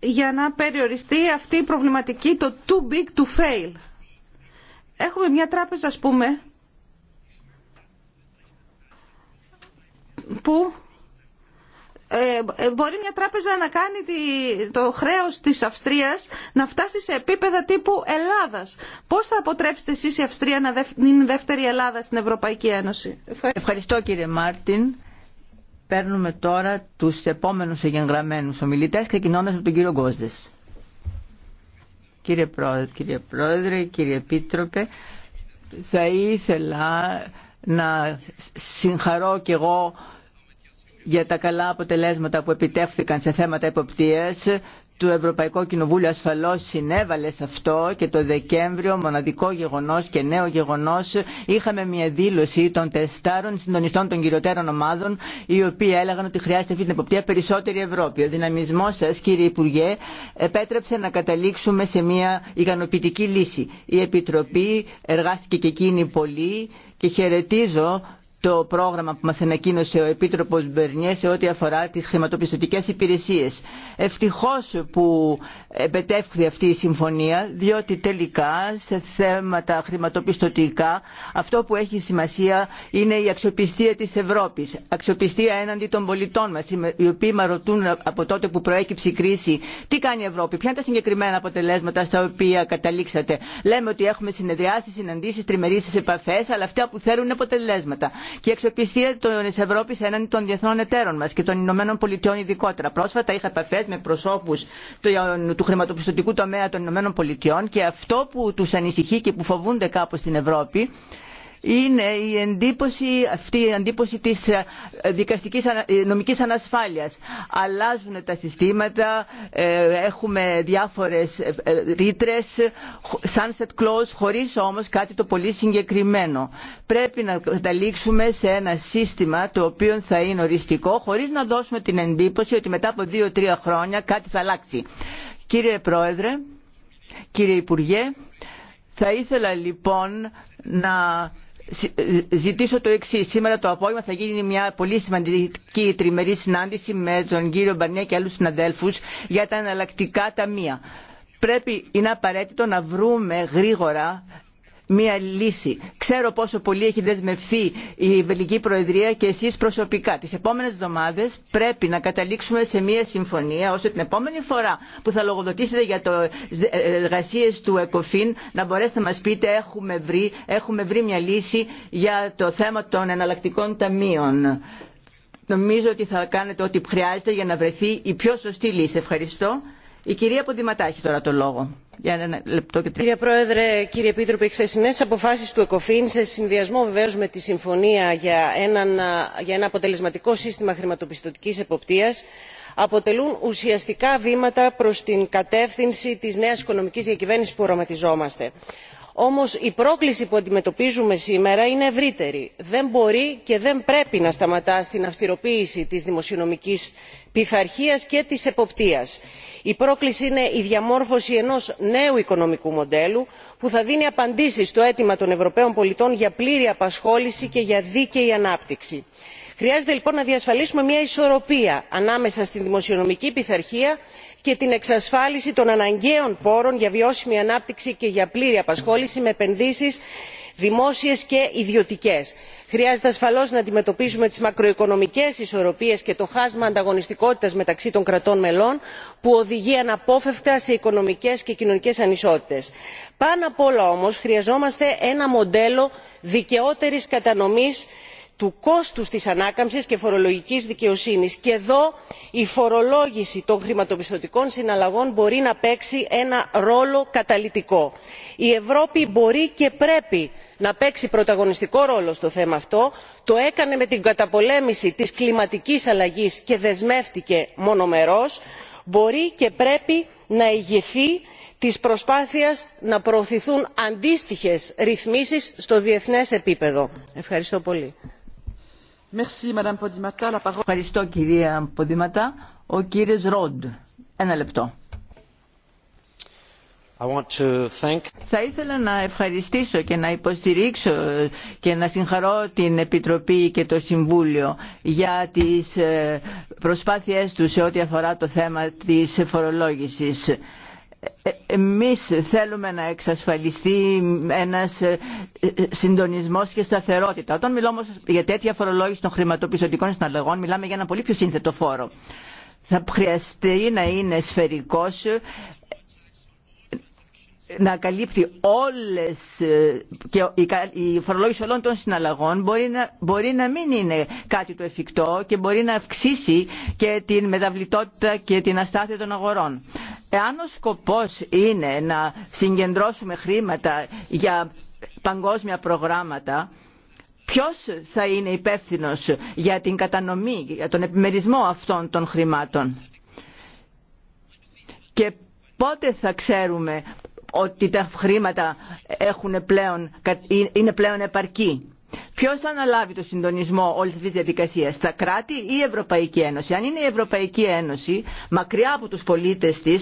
για να περιοριστεί αυτή η προβληματική το too big to fail. Έχουμε μια τράπεζα, ας πούμε, που ε, ε, μπορεί μια τράπεζα να κάνει το χρέος της Αυστρίας να φτάσει σε επίπεδα τύπου Ελλάδας. Πώς θα αποτρέψετε εσείς η Αυστρία να είναι δεύτερη Ελλάδα στην Ευρωπαϊκή Ένωση. Ευχαριστώ, κύριε Μάρτιν. Παίρνουμε τώρα τους επόμενους εγγεγραμμένους ομιλητές, ξεκινώντα από τον κύριο Γκόζδες. Κύριε Πρόεδρε, κύριε Πρόεδρε, κύριε Επίτροπε, θα ήθελα να συγχαρώ κι εγώ για τα καλά αποτελέσματα που επιτεύχθηκαν σε θέματα εποπτείας. Το Ευρωπαϊκό Κοινοβούλιο ασφαλώς συνέβαλε σε αυτό και το Δεκέμβριο μοναδικό γεγονός και νέο γεγονός είχαμε μια δήλωση των τεστάρων συντονιστών των κυριωτέρων ομάδων οι οποίοι έλεγαν ότι χρειάζεται αυτή την εποπτεία περισσότερη Ευρώπη. Ο δυναμισμός σας κύριε Υπουργέ επέτρεψε να καταλήξουμε σε μια ικανοποιητική λύση. Η Επιτροπή εργάστηκε και εκείνη πολύ και χαιρετίζω το πρόγραμμα που μας ανακοίνωσε ο Επίτροπος Μπερνιέ σε ό,τι αφορά τις χρηματοπιστωτικές υπηρεσίες. Ευτυχώς που επετεύχθη αυτή η συμφωνία, διότι τελικά σε θέματα χρηματοπιστωτικά αυτό που έχει σημασία είναι η αξιοπιστία της Ευρώπης. Αξιοπιστία έναντι των πολιτών μας, οι οποίοι μα ρωτούν από τότε που προέκυψε η κρίση τι κάνει η Ευρώπη, ποια είναι τα συγκεκριμένα αποτελέσματα στα οποία καταλήξατε. Λέμε ότι έχουμε συνεδριάσει, συναντήσει, τριμερίσει επαφέ, αλλά αυτά που θέλουν αποτελέσματα και η αξιοπιστία τη Ευρώπη έναντι των διεθνών εταίρων μα και των Ηνωμένων Πολιτειών ειδικότερα. Πρόσφατα είχα επαφέ με του, του χρηματοπιστωτικού τομέα των Ηνωμένων Πολιτειών και αυτό που του ανησυχεί και που φοβούνται κάπω στην Ευρώπη είναι η εντύπωση, αυτή η εντύπωση της ε, δικαστικής ε, νομικής ανασφάλειας. Αλλάζουν τα συστήματα, ε, έχουμε διάφορες ρήτρε, sunset clause, χωρίς όμως κάτι το πολύ συγκεκριμένο. Πρέπει να καταλήξουμε σε ένα σύστημα το οποίο θα είναι οριστικό, χωρίς να δώσουμε την εντύπωση ότι μετά από δύο-τρία χρόνια κάτι θα αλλάξει. Κύριε Πρόεδρε, κύριε Υπουργέ, θα ήθελα λοιπόν να ε, ζητήσω το εξή. Σήμερα το απόγευμα θα γίνει μια πολύ σημαντική τριμερή συνάντηση με τον κύριο Μπαρνιέ και άλλου συναδέλφου για τα εναλλακτικά ταμεία. Πρέπει, είναι απαραίτητο να βρούμε γρήγορα μία λύση. Ξέρω πόσο πολύ έχει δεσμευθεί η Βελική Προεδρία και εσείς προσωπικά. Τις επόμενε εβδομάδε πρέπει να καταλήξουμε σε μία συμφωνία ώστε την επόμενη φορά που θα λογοδοτήσετε για το εργασίε του ΕΚΟΦΗΝ να μπορέσετε να μας πείτε έχουμε βρει, έχουμε βρει μια λύση για το θέμα των εναλλακτικών ταμείων. Νομίζω ότι θα κάνετε ό,τι χρειάζεται για να βρεθεί η πιο σωστή λύση. Ευχαριστώ. Η κυρία τώρα το λόγο. Για λεπτό Κύριε Πρόεδρε, κύριε Επίτροπε, οι χθεσινέ αποφάσει του ΕΚΟΦΗΝ σε συνδυασμό βεβαίω με τη συμφωνία για, για ένα αποτελεσματικό σύστημα χρηματοπιστωτική εποπτείας αποτελούν ουσιαστικά βήματα προ την κατεύθυνση τη νέα οικονομική διακυβέρνηση που οραματιζόμαστε όμως η πρόκληση που αντιμετωπίζουμε σήμερα είναι ευρύτερη δεν μπορεί και δεν πρέπει να σταματά στην αυστηροποίηση της δημοσιονομικής πειθαρχίας και της εποπτείας. η πρόκληση είναι η διαμόρφωση ενός νέου οικονομικού μοντέλου που θα δίνει απαντήσεις στο αίτημα των ευρωπαίων πολιτών για πλήρη απασχόληση και για δίκαιη ανάπτυξη. χρειάζεται λοιπόν να διασφαλίσουμε μια ισορροπία ανάμεσα στη δημοσιονομική πειθαρχία και την εξασφάλιση των αναγκαίων πόρων για βιώσιμη ανάπτυξη και για πλήρη απασχόληση με επενδύσει, δημόσιες και ιδιωτικές. χρειάζεται ασφαλώ να αντιμετωπίσουμε τις μακροοικονομικές ισορροπίες και το χάσμα ανταγωνιστικότητας μεταξύ των κρατών μελών που οδηγεί αναπόφευκτα σε οικονομικές και κοινωνικέ ανισότητε. πάνω απ' όλα όμω, χρειαζόμαστε ένα μοντέλο δικαιότερης κατανομής του κόστους της ανάκαμψης και φορολογικής δικαιοσύνης και εδώ η φορολόγηση των χρηματοπιστωτικών συναλλαγών μπορεί να παίξει ένα ρόλο καταλυτικό. η ευρώπη μπορεί και πρέπει να παίξει πρωταγωνιστικό ρόλο στο θέμα αυτό το έκανε με την καταπολέμηση της κλιματικής αλλαγής και δεσμεύτηκε μονομερώς μπορεί και πρέπει να ηγηθεί της προσπάθειας να προωθηθούν αντίστοιχες ρυθμίσεις στο διεθνές επίπεδο. ευχαριστώ πολύ. Ευχαριστώ κυρία Ποδηματά. Ο Ρόντ. Ένα λεπτό. Θα ήθελα να ευχαριστήσω και να υποστηρίξω και να συγχαρώ την Επιτροπή και το Συμβούλιο για τις ε, προσπάθειές τους σε ό,τι αφορά το θέμα της φορολόγησης εμείς θέλουμε να εξασφαλιστεί ένας ε, συντονισμός και σταθερότητα. Όταν μιλάμε όμως για τέτοια φορολόγηση των χρηματοπιστωτικών συναλλαγών, μιλάμε για ένα πολύ πιο σύνθετο φόρο. Θα χρειαστεί να είναι σφαιρικός, ε, να καλύπτει όλες ε, και η φορολόγηση όλων των συναλλαγών μπορεί να, μπορεί να μην είναι κάτι το εφικτό και μπορεί να αυξήσει και την μεταβλητότητα και την αστάθεια των αγορών. Εάν ο σκοπός είναι να συγκεντρώσουμε χρήματα για παγκόσμια προγράμματα, ποιος θα είναι υπεύθυνος για την κατανομή, για τον επιμερισμό αυτών των χρημάτων. Και πότε θα ξέρουμε ότι τα χρήματα έχουν πλέον, είναι πλέον επαρκή. Ποιο θα αναλάβει το συντονισμό όλη αυτή τη διαδικασία, τα κράτη ή η Ευρωπαϊκή Ένωση. Αν είναι η Ευρωπαϊκή Ένωση μακριά από του πολίτε τη,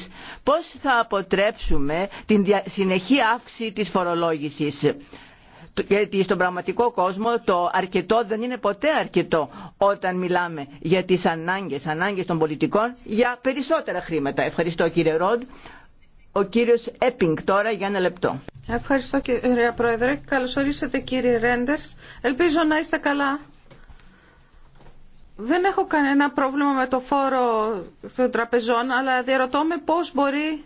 πώ θα αποτρέψουμε την συνεχή αύξηση τη φορολόγηση. Γιατί στον πραγματικό κόσμο το αρκετό δεν είναι ποτέ αρκετό όταν μιλάμε για τις ανάγκες, ανάγκες των πολιτικών για περισσότερα χρήματα. Ευχαριστώ κύριε Ρόντ. Ο κύριος Έπινγκ τώρα για ένα λεπτό. Ευχαριστώ κύριε Πρόεδρε. Καλώς ορίσατε κύριε Ρέντερς. Ελπίζω να είστε καλά. Δεν έχω κανένα πρόβλημα με το φόρο των τραπεζών, αλλά διαρωτώ με πώς μπορεί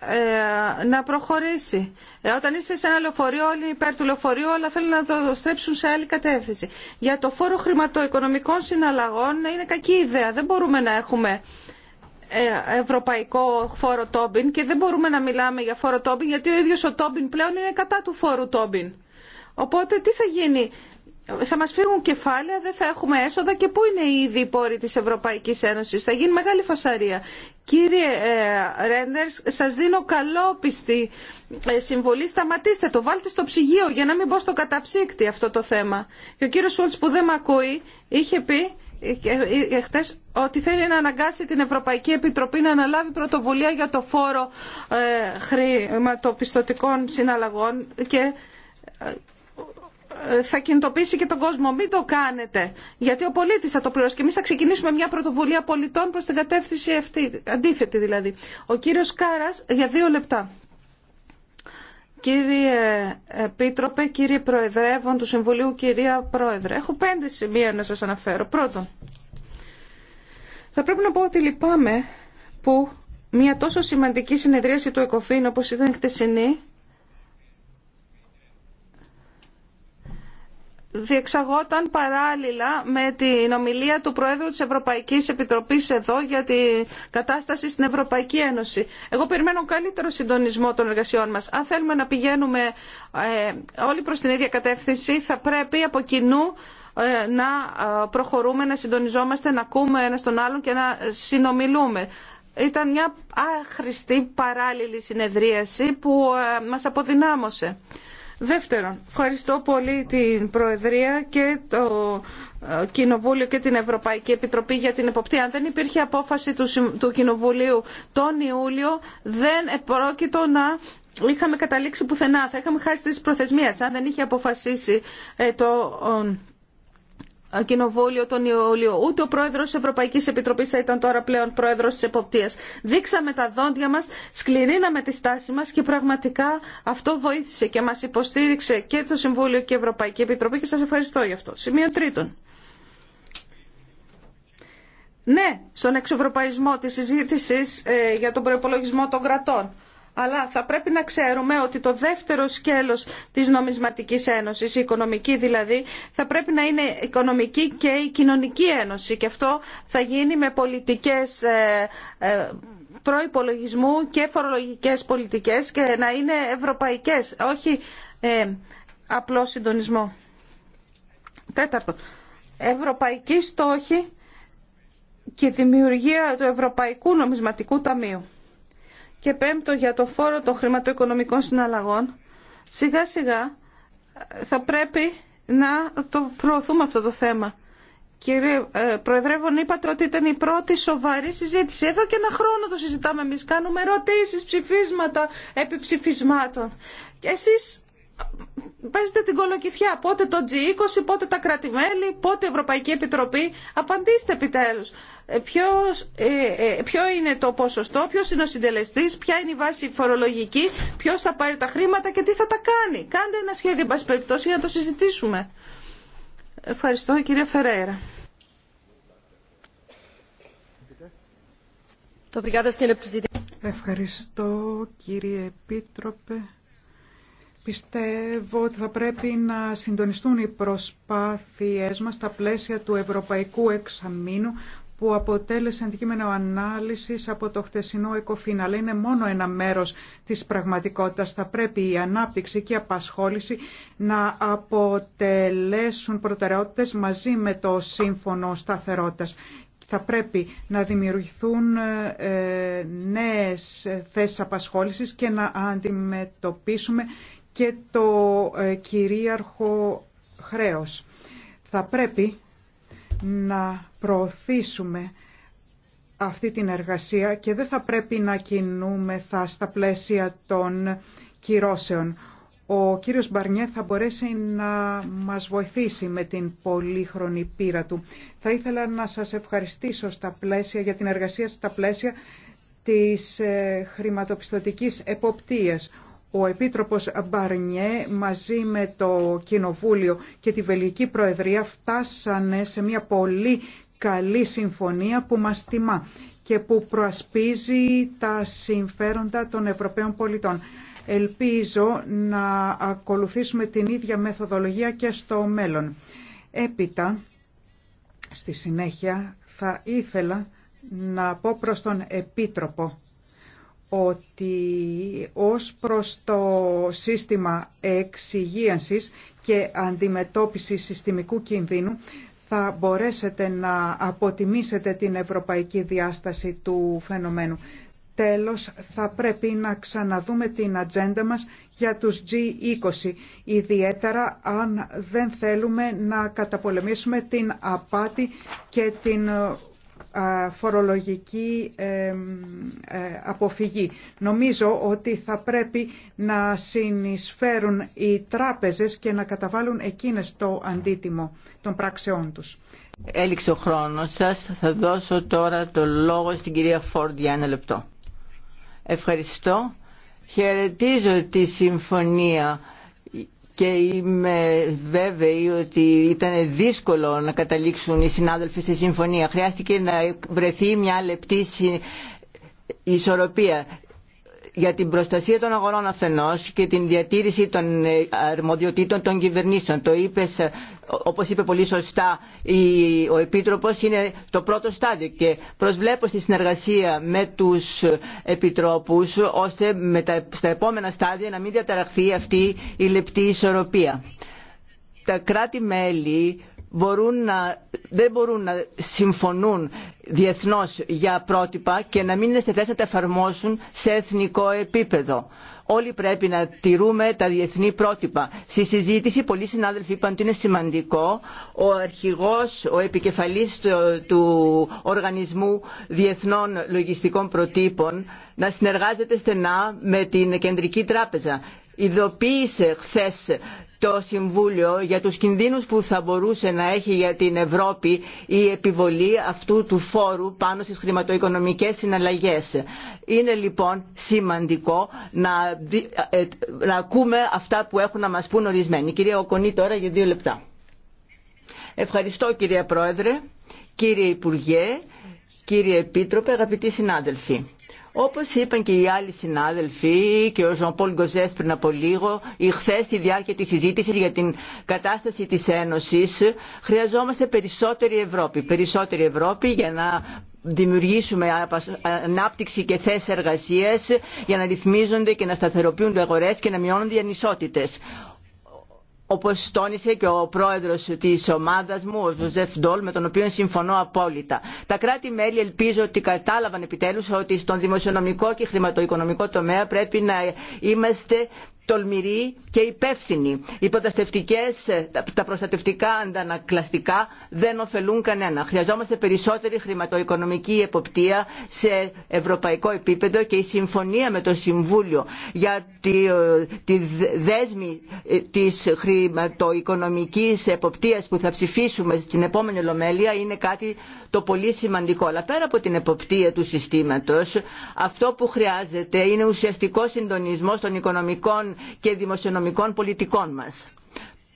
ε, να προχωρήσει. Ε, όταν είσαι σε ένα λεωφορείο, όλοι είναι υπέρ του λεωφορείου, αλλά θέλουν να το στρέψουν σε άλλη κατεύθυνση. Για το φόρο χρηματοοικονομικών συναλλαγών είναι κακή ιδέα. Δεν μπορούμε να έχουμε ε, ευρωπαϊκό φόρο Τόμπιν και δεν μπορούμε να μιλάμε για φόρο Τόμπιν γιατί ο ίδιος ο Τόμπιν πλέον είναι κατά του φόρου Τόμπιν. Οπότε τι θα γίνει, θα μας φύγουν κεφάλαια, δεν θα έχουμε έσοδα και πού είναι ήδη οι πόροι της Ευρωπαϊκής Ένωσης. Θα γίνει μεγάλη φασαρία. Κύριε Ρέντερς, σας δίνω καλόπιστη ε, συμβολή. Σταματήστε το, βάλτε στο ψυγείο για να μην μπω στο καταψύκτη αυτό το θέμα. Και ο κύριο Σούλτς που δεν με ακούει είχε πει ε, ε, χτες ότι θέλει να αναγκάσει την Ευρωπαϊκή Επιτροπή να αναλάβει πρωτοβουλία για το φόρο ε, χρηματοπιστωτικών συναλλαγών και θα κινητοποιήσει και τον κόσμο. Μην το κάνετε, γιατί ο πολίτης θα το πληρώσει. Και εμεί θα ξεκινήσουμε μια πρωτοβουλία πολιτών προς την κατεύθυνση αυτή, αντίθετη δηλαδή. Ο κύριος Κάρας, για δύο λεπτά. Κύριε Επίτροπε, κύριε Προεδρεύον του Συμβουλίου, κυρία Πρόεδρε, έχω πέντε σημεία να σας αναφέρω. Πρώτον, θα πρέπει να πω ότι λυπάμαι που μια τόσο σημαντική συνεδρίαση του ΕΚΟΦΗΝ όπως ήταν χτεσινή διεξαγόταν παράλληλα με την ομιλία του Προέδρου της Ευρωπαϊκής Επιτροπής εδώ για την κατάσταση στην Ευρωπαϊκή Ένωση. Εγώ περιμένω καλύτερο συντονισμό των εργασιών μας. Αν θέλουμε να πηγαίνουμε ε, όλοι προς την ίδια κατεύθυνση θα πρέπει από κοινού ε, να ε, προχωρούμε, να συντονιζόμαστε, να ακούμε ένα τον άλλον και να συνομιλούμε. Ήταν μια άχρηστη παράλληλη συνεδρίαση που μας αποδυνάμωσε. Δεύτερον, ευχαριστώ πολύ την Προεδρία και το ε, Κοινοβούλιο και την Ευρωπαϊκή Επιτροπή για την εποπτεία. Αν δεν υπήρχε απόφαση του Κοινοβουλίου τον Ιούλιο, δεν επρόκειτο να είχαμε καταλήξει πουθενά. Θα είχαμε χάσει τις προθεσμίες αν δεν είχε αποφασίσει ε, το ε, κοινοβούλιο τον Ιούλιο, ούτε ο πρόεδρος τη Ευρωπαϊκής Επιτροπής θα ήταν τώρα πλέον πρόεδρος τη Εποπτείας. Δείξαμε τα δόντια μας, σκληρίναμε τη στάση μας και πραγματικά αυτό βοήθησε και μας υποστήριξε και το Συμβούλιο και η Ευρωπαϊκή Επιτροπή και σας ευχαριστώ γι' αυτό. Σημείο τρίτον. Ναι, στον εξευρωπαϊσμό της συζήτηση ε, για τον προπολογισμό των κρατών αλλά θα πρέπει να ξέρουμε ότι το δεύτερο σκέλος της νομισματικής ένωσης, η οικονομική δηλαδή, θα πρέπει να είναι οικονομική και η κοινωνική ένωση και αυτό θα γίνει με πολιτικές ε, ε, προϋπολογισμού και φορολογικές πολιτικές και να είναι ευρωπαϊκές, όχι ε, απλό συντονισμό. Τέταρτο, ευρωπαϊκή στόχη και δημιουργία του Ευρωπαϊκού Νομισματικού Ταμείου και πέμπτο για το φόρο των χρηματοοικονομικών συναλλαγών, σιγά σιγά ε, θα πρέπει να το προωθούμε αυτό το θέμα. Κύριε ε, Προεδρεύον, είπατε ότι ήταν η πρώτη σοβαρή συζήτηση. Εδώ και ένα χρόνο το συζητάμε εμείς. Κάνουμε ερωτήσει, ψηφίσματα επιψηφισμάτων. Και εσείς Παίζετε την κολοκυθιά. Πότε το G20, πότε τα κρατημέλη, πότε η Ευρωπαϊκή Επιτροπή. Απαντήστε επιτέλους. Ε, ποιος, ε, ε, ποιο είναι το ποσοστό, ποιος είναι ο συντελεστής, ποια είναι η βάση φορολογική, ποιος θα πάρει τα χρήματα και τι θα τα κάνει. Κάντε ένα σχέδιο, εν περιπτώσει, για να το συζητήσουμε. Ευχαριστώ, κυρία Φεραίρα. Ευχαριστώ, κύριε Επίτροπε. Πιστεύω ότι θα πρέπει να συντονιστούν οι προσπάθειές μας στα πλαίσια του Ευρωπαϊκού Εξαμήνου που αποτέλεσε αντικείμενο ανάλυσης από το χτεσινό ΕΚΟΦΗΝ, αλλά είναι μόνο ένα μέρος της πραγματικότητας. Θα πρέπει η ανάπτυξη και η απασχόληση να αποτελέσουν προτεραιότητες μαζί με το Σύμφωνο Σταθερότητας. Θα πρέπει να δημιουργηθούν ε, ε, νέες θέσεις απασχόλησης και να αντιμετωπίσουμε και το ε, κυρίαρχο χρέος. Θα πρέπει να προωθήσουμε αυτή την εργασία και δεν θα πρέπει να θα στα πλαίσια των κυρώσεων. Ο κύριος Μπαρνιέ θα μπορέσει να μας βοηθήσει με την πολύχρονη πείρα του. Θα ήθελα να σας ευχαριστήσω στα πλαίσια, για την εργασία στα πλαίσια της ε, χρηματοπιστωτικής εποπτείας ο Επίτροπος Μπαρνιέ μαζί με το Κοινοβούλιο και τη Βελγική Προεδρία φτάσανε σε μια πολύ καλή συμφωνία που μας τιμά και που προασπίζει τα συμφέροντα των Ευρωπαίων πολιτών. Ελπίζω να ακολουθήσουμε την ίδια μεθοδολογία και στο μέλλον. Έπειτα, στη συνέχεια, θα ήθελα να πω προς τον Επίτροπο ότι ως προς το σύστημα εξυγίανσης και αντιμετώπισης συστημικού κινδύνου θα μπορέσετε να αποτιμήσετε την ευρωπαϊκή διάσταση του φαινομένου. Τέλος, θα πρέπει να ξαναδούμε την ατζέντα μας για τους G20, ιδιαίτερα αν δεν θέλουμε να καταπολεμήσουμε την απάτη και την φορολογική ε, αποφυγή. Νομίζω ότι θα πρέπει να συνεισφέρουν οι τράπεζες και να καταβάλουν εκείνες το αντίτιμο των πράξεών τους. Έληξε ο χρόνος σας. Θα δώσω τώρα το λόγο στην κυρία Φόρντ για ένα λεπτό. Ευχαριστώ. Χαιρετίζω τη συμφωνία και είμαι βέβαιη ότι ήταν δύσκολο να καταλήξουν οι συνάδελφοι στη συμφωνία. Χρειάστηκε να βρεθεί μια λεπτή ισορροπία για την προστασία των αγορών Αφενό και την διατήρηση των ε, αρμοδιοτήτων των κυβερνήσεων. Το είπε, όπω είπε πολύ σωστά ο Επίτροπος, είναι το πρώτο στάδιο και προσβλέπω στη συνεργασία με τους Επιτρόπους ώστε με τα, στα επόμενα στάδια να μην διαταραχθεί αυτή η λεπτή ισορροπία. Τα κράτη-μέλη να, δεν μπορούν να συμφωνούν διεθνώς για πρότυπα και να μην είναι σε θέση να τα εφαρμόσουν σε εθνικό επίπεδο. Όλοι πρέπει να τηρούμε τα διεθνή πρότυπα. Στη συζήτηση πολλοί συνάδελφοι είπαν ότι είναι σημαντικό ο αρχηγός, ο επικεφαλής του Οργανισμού Διεθνών Λογιστικών Προτύπων να συνεργάζεται στενά με την Κεντρική Τράπεζα. Ειδοποίησε χθες το Συμβούλιο για τους κινδύνους που θα μπορούσε να έχει για την Ευρώπη η επιβολή αυτού του φόρου πάνω στις χρηματοοικονομικές συναλλαγές. Είναι λοιπόν σημαντικό να, ε, ε, να ακούμε αυτά που έχουν να μας πούν ορισμένοι. Κυρία Οκονή τώρα για δύο λεπτά. Ευχαριστώ κυρία Πρόεδρε, κύριε Υπουργέ, κύριε Επίτροπε, αγαπητοί συνάδελφοι. Όπως είπαν και οι άλλοι συνάδελφοι και ο Ζων Γκοζές πριν από λίγο ή χθε στη διάρκεια της συζήτησης για την κατάσταση της Ένωσης χρειαζόμαστε περισσότερη Ευρώπη. Περισσότερη Ευρώπη για να δημιουργήσουμε ανάπτυξη και θέσει εργασία για να ρυθμίζονται και να σταθεροποιούνται αγορές και να μειώνονται οι ανισότητες. Όπω τόνισε και ο πρόεδρο τη ομάδα μου, ο Ζωζεφ Ντόλ, με τον οποίο συμφωνώ απόλυτα. Τα κράτη-μέλη ελπίζω ότι κατάλαβαν επιτέλου, ότι στον δημοσιονομικό και χρηματοοικονομικό τομέα πρέπει να είμαστε τολμηροί και υπεύθυνοι. Οι προστατευτικές τα προστατευτικά αντανακλαστικά δεν ωφελούν κανένα. Χρειαζόμαστε περισσότερη χρηματοοικονομική εποπτεία σε ευρωπαϊκό επίπεδο και η συμφωνία με το Συμβούλιο για τη, τη δέσμη ε, της χρηματοοικονομικής εποπτείας που θα ψηφίσουμε στην επόμενη Ολομέλεια είναι κάτι το πολύ σημαντικό. Αλλά πέρα από την εποπτεία του συστήματος, αυτό που χρειάζεται είναι ουσιαστικό συντονισμό των οικονομικών και δημοσιονομικών πολιτικών μας.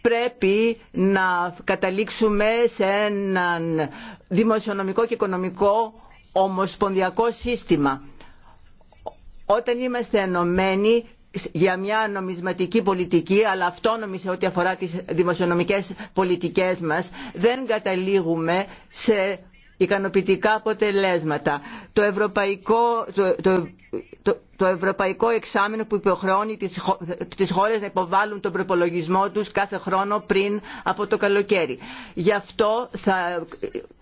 Πρέπει να καταλήξουμε σε έναν δημοσιονομικό και οικονομικό ομοσπονδιακό σύστημα. Όταν είμαστε ενωμένοι για μια νομισματική πολιτική αλλά αυτόνομη σε ό,τι αφορά τις δημοσιονομικές πολιτικές μας δεν καταλήγουμε σε ικανοποιητικά αποτελέσματα. Το ευρωπαϊκό, το το ευρωπαϊκό εξάμεινο που υποχρεώνει τις χώρες να υποβάλουν τον προπολογισμό τους κάθε χρόνο πριν από το καλοκαίρι. Γι' αυτό θα,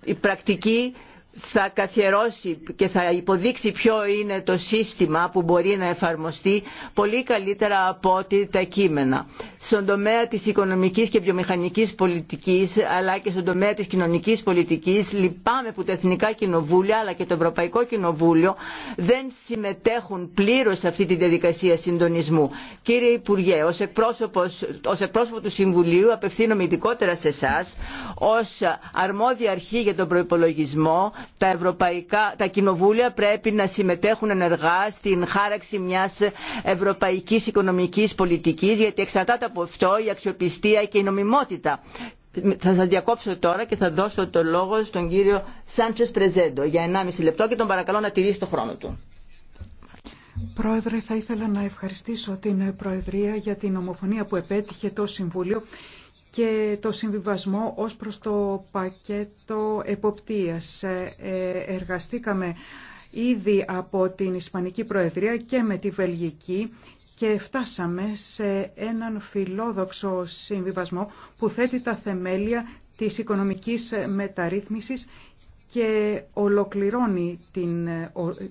η πρακτική θα καθιερώσει και θα υποδείξει ποιο είναι το σύστημα που μπορεί να εφαρμοστεί πολύ καλύτερα από ότι τα κείμενα. Στον τομέα της οικονομικής και βιομηχανικής πολιτικής αλλά και στον τομέα της κοινωνικής πολιτικής λυπάμαι που τα Εθνικά Κοινοβούλια αλλά και το Ευρωπαϊκό Κοινοβούλιο δεν συμμετέχουν πλήρως σε αυτή τη διαδικασία συντονισμού. Κύριε Υπουργέ, ως, ως εκπρόσωπο του Συμβουλίου απευθύνομαι ειδικότερα σε εσά ως αρμόδια αρχή για τον προπολογισμό τα ευρωπαϊκά τα κοινοβούλια πρέπει να συμμετέχουν ενεργά στην χάραξη μιας ευρωπαϊκής οικονομικής πολιτικής γιατί εξαρτάται από αυτό η αξιοπιστία και η νομιμότητα. Θα σας διακόψω τώρα και θα δώσω το λόγο στον κύριο Σάντσες Πρεζέντο για 1,5 λεπτό και τον παρακαλώ να τηρήσει το χρόνο του. Πρόεδρε, θα ήθελα να ευχαριστήσω την Προεδρία για την ομοφωνία που επέτυχε το Συμβούλιο και το συμβιβασμό ως προς το πακέτο εποπτείας. Ε, ε, εργαστήκαμε ήδη από την Ισπανική Προεδρία και με τη Βελγική και φτάσαμε σε έναν φιλόδοξο συμβιβασμό που θέτει τα θεμέλια της οικονομικής μεταρρύθμισης και ολοκληρώνει την,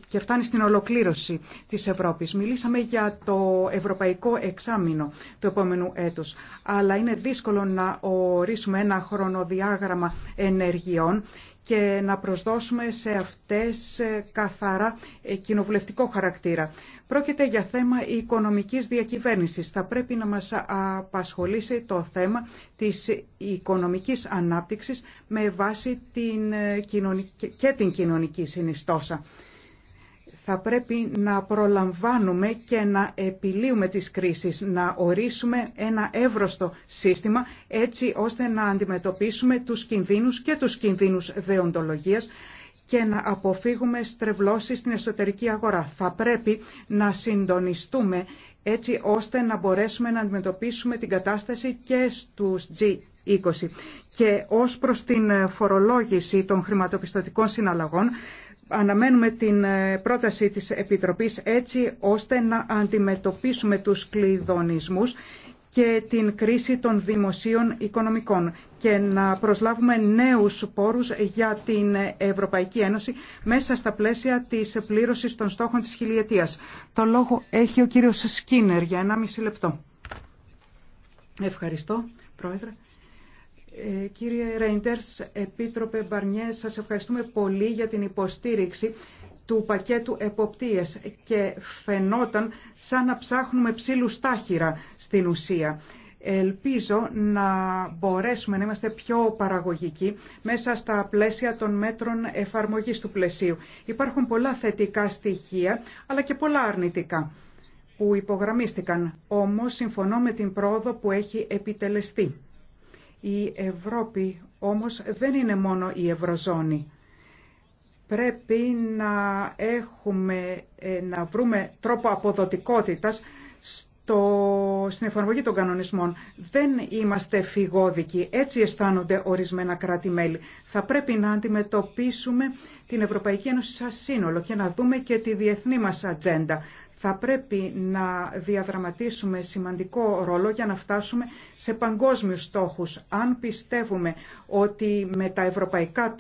και φτάνει στην ολοκλήρωση της Ευρώπης. Μιλήσαμε για το ευρωπαϊκό εξάμεινο του επόμενου έτους, αλλά είναι δύσκολο να ορίσουμε ένα χρονοδιάγραμμα ενεργειών και να προσδώσουμε σε αυτές ε, καθαρά ε, κοινοβουλευτικό χαρακτήρα. Πρόκειται για θέμα οικονομικής διακυβέρνησης. Θα πρέπει να μας απασχολήσει το θέμα της οικονομικής ανάπτυξης με βάση την ε, και την κοινωνική συνιστόσα θα πρέπει να προλαμβάνουμε και να επιλύουμε τις κρίσεις, να ορίσουμε ένα εύρωστο σύστημα έτσι ώστε να αντιμετωπίσουμε τους κινδύνους και τους κινδύνους δεοντολογίας και να αποφύγουμε στρεβλώσεις στην εσωτερική αγορά. Θα πρέπει να συντονιστούμε έτσι ώστε να μπορέσουμε να αντιμετωπίσουμε την κατάσταση και στους G. 20. Και ως προς την φορολόγηση των χρηματοπιστωτικών συναλλαγών αναμένουμε την ε, πρόταση της Επιτροπής έτσι ώστε να αντιμετωπίσουμε τους κλειδονισμούς και την κρίση των δημοσίων οικονομικών και να προσλάβουμε νέους πόρους για την Ευρωπαϊκή Ένωση μέσα στα πλαίσια της πλήρωσης των στόχων της χιλιετίας. Το λόγο έχει ο κύριος Σκίνερ για μισή λεπτό. Ευχαριστώ, Πρόεδρε. Ε, κύριε Ρέιντερς, Επίτροπε Μπαρνιέ, σας ευχαριστούμε πολύ για την υποστήριξη του πακέτου εποπτείες και φαινόταν σαν να ψάχνουμε ψήλου στάχυρα στην ουσία. Ελπίζω να μπορέσουμε να είμαστε πιο παραγωγικοί μέσα στα πλαίσια των μέτρων εφαρμογής του πλαισίου. Υπάρχουν πολλά θετικά στοιχεία, αλλά και πολλά αρνητικά που υπογραμμίστηκαν. Όμως, συμφωνώ με την πρόοδο που έχει επιτελεστεί η Ευρώπη όμως δεν είναι μόνο η Ευρωζώνη. Πρέπει να, έχουμε, ε, να βρούμε τρόπο αποδοτικότητας στο, στην εφαρμογή των κανονισμών. Δεν είμαστε φυγόδικοι. Έτσι αισθάνονται ορισμένα κράτη-μέλη. Θα πρέπει να αντιμετωπίσουμε την Ευρωπαϊκή Ένωση σαν σύνολο και να δούμε και τη διεθνή μας ατζέντα θα πρέπει να διαδραματίσουμε σημαντικό ρόλο για να φτάσουμε σε παγκόσμιους στόχους. Αν πιστεύουμε ότι με τα ευρωπαϊκά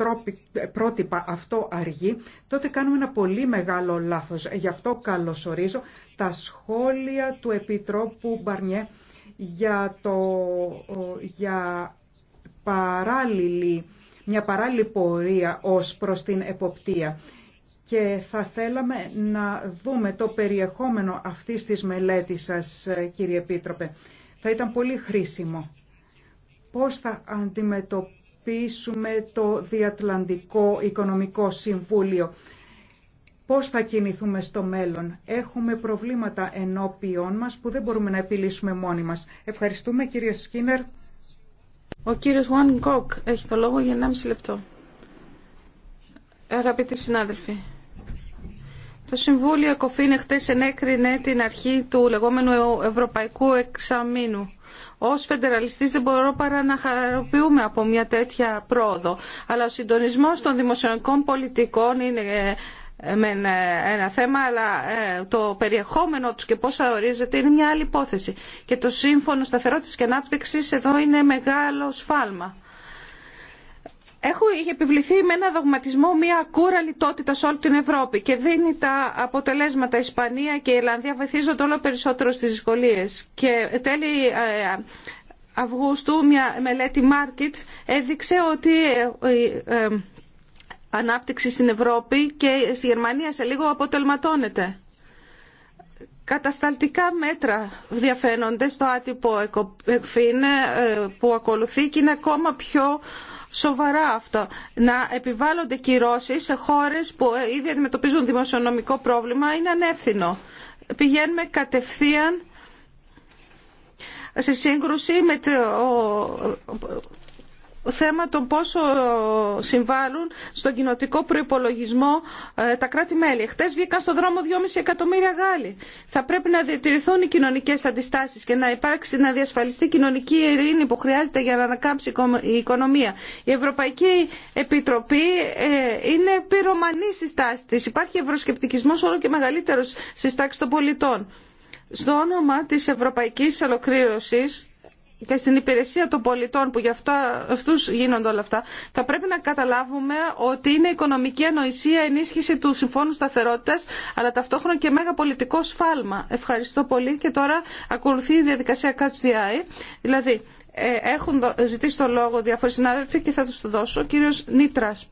πρότυπα αυτό αργεί, τότε κάνουμε ένα πολύ μεγάλο λάθος. Γι' αυτό καλωσορίζω τα σχόλια του Επιτρόπου Μπαρνιέ για, το, για παράλληλη, μια παράλληλη πορεία ως προς την εποπτεία και θα θέλαμε να δούμε το περιεχόμενο αυτής της μελέτης σας, κύριε Επίτροπε. Θα ήταν πολύ χρήσιμο. Πώς θα αντιμετωπίσουμε το Διατλαντικό Οικονομικό Συμβούλιο. Πώς θα κινηθούμε στο μέλλον. Έχουμε προβλήματα ενώπιον μας που δεν μπορούμε να επιλύσουμε μόνοι μας. Ευχαριστούμε κύριε Σκίνερ. Ο κύριος Βαν Κόκ έχει το λόγο για 1,5 λεπτό. Αγαπητοί συνάδελφοι, το Συμβούλιο Εκοφίνε χτες ενέκρινε την αρχή του λεγόμενου ε, Ευρωπαϊκού Εξαμήνου. Ως φεντεραλιστής δεν μπορώ παρά να χαροποιούμε από μια τέτοια πρόοδο. Αλλά ο συντονισμός των δημοσιονομικών πολιτικών είναι ε, ε, με ένα θέμα, αλλά το περιεχόμενο τους και πώς θα ορίζεται είναι μια άλλη υπόθεση. Και το Σύμφωνο Σταθερότητας και Ανάπτυξης εδώ είναι μεγάλο σφάλμα έχω επιβληθεί με ένα δογματισμό μια κούρα λιτότητα σε όλη την Ευρώπη και δίνει τα αποτελέσματα. Η Ισπανία και η Ιρλανδία βαθίζονται όλο περισσότερο στις δυσκολίες. Και τέλη ε, Αυγούστου μια μελέτη Market έδειξε ότι ε, η ε, ανάπτυξη στην Ευρώπη και στη Γερμανία σε λίγο αποτελματώνεται. Κατασταλτικά μέτρα διαφαίνονται στο άτυπο ΕΚΟΦΗΝ που ακολουθεί και είναι ακόμα πιο σοβαρά αυτό. Να επιβάλλονται κυρώσει σε χώρε που ήδη αντιμετωπίζουν δημοσιονομικό πρόβλημα είναι ανεύθυνο. Πηγαίνουμε κατευθείαν σε σύγκρουση με το θέμα των πόσο συμβάλλουν στον κοινοτικό προϋπολογισμό ε, τα κράτη-μέλη. Χθε βγήκαν στον δρόμο 2,5 εκατομμύρια Γάλλοι. Θα πρέπει να διατηρηθούν οι κοινωνικές αντιστάσεις και να υπάρξει να διασφαλιστεί κοινωνική ειρήνη που χρειάζεται για να ανακάμψει η οικονομία. Η Ευρωπαϊκή Επιτροπή ε, είναι πυρομανή στη στάση της. Υπάρχει ευρωσκεπτικισμός όλο και μεγαλύτερος στη στάξη των πολιτών. Στο όνομα της ευρωπαϊκής ολοκλήρωσης και στην υπηρεσία των πολιτών που γι' αυτά, αυτούς γίνονται όλα αυτά, θα πρέπει να καταλάβουμε ότι είναι οικονομική ανοησία ενίσχυση του Συμφώνου Σταθερότητας, αλλά ταυτόχρονα και μέγα πολιτικό σφάλμα. Ευχαριστώ πολύ και τώρα ακολουθεί η διαδικασία Catch Δηλαδή, ε, έχουν ζητήσει το λόγο διάφοροι συνάδελφοι και θα τους το δώσω. κύριος Νίτρας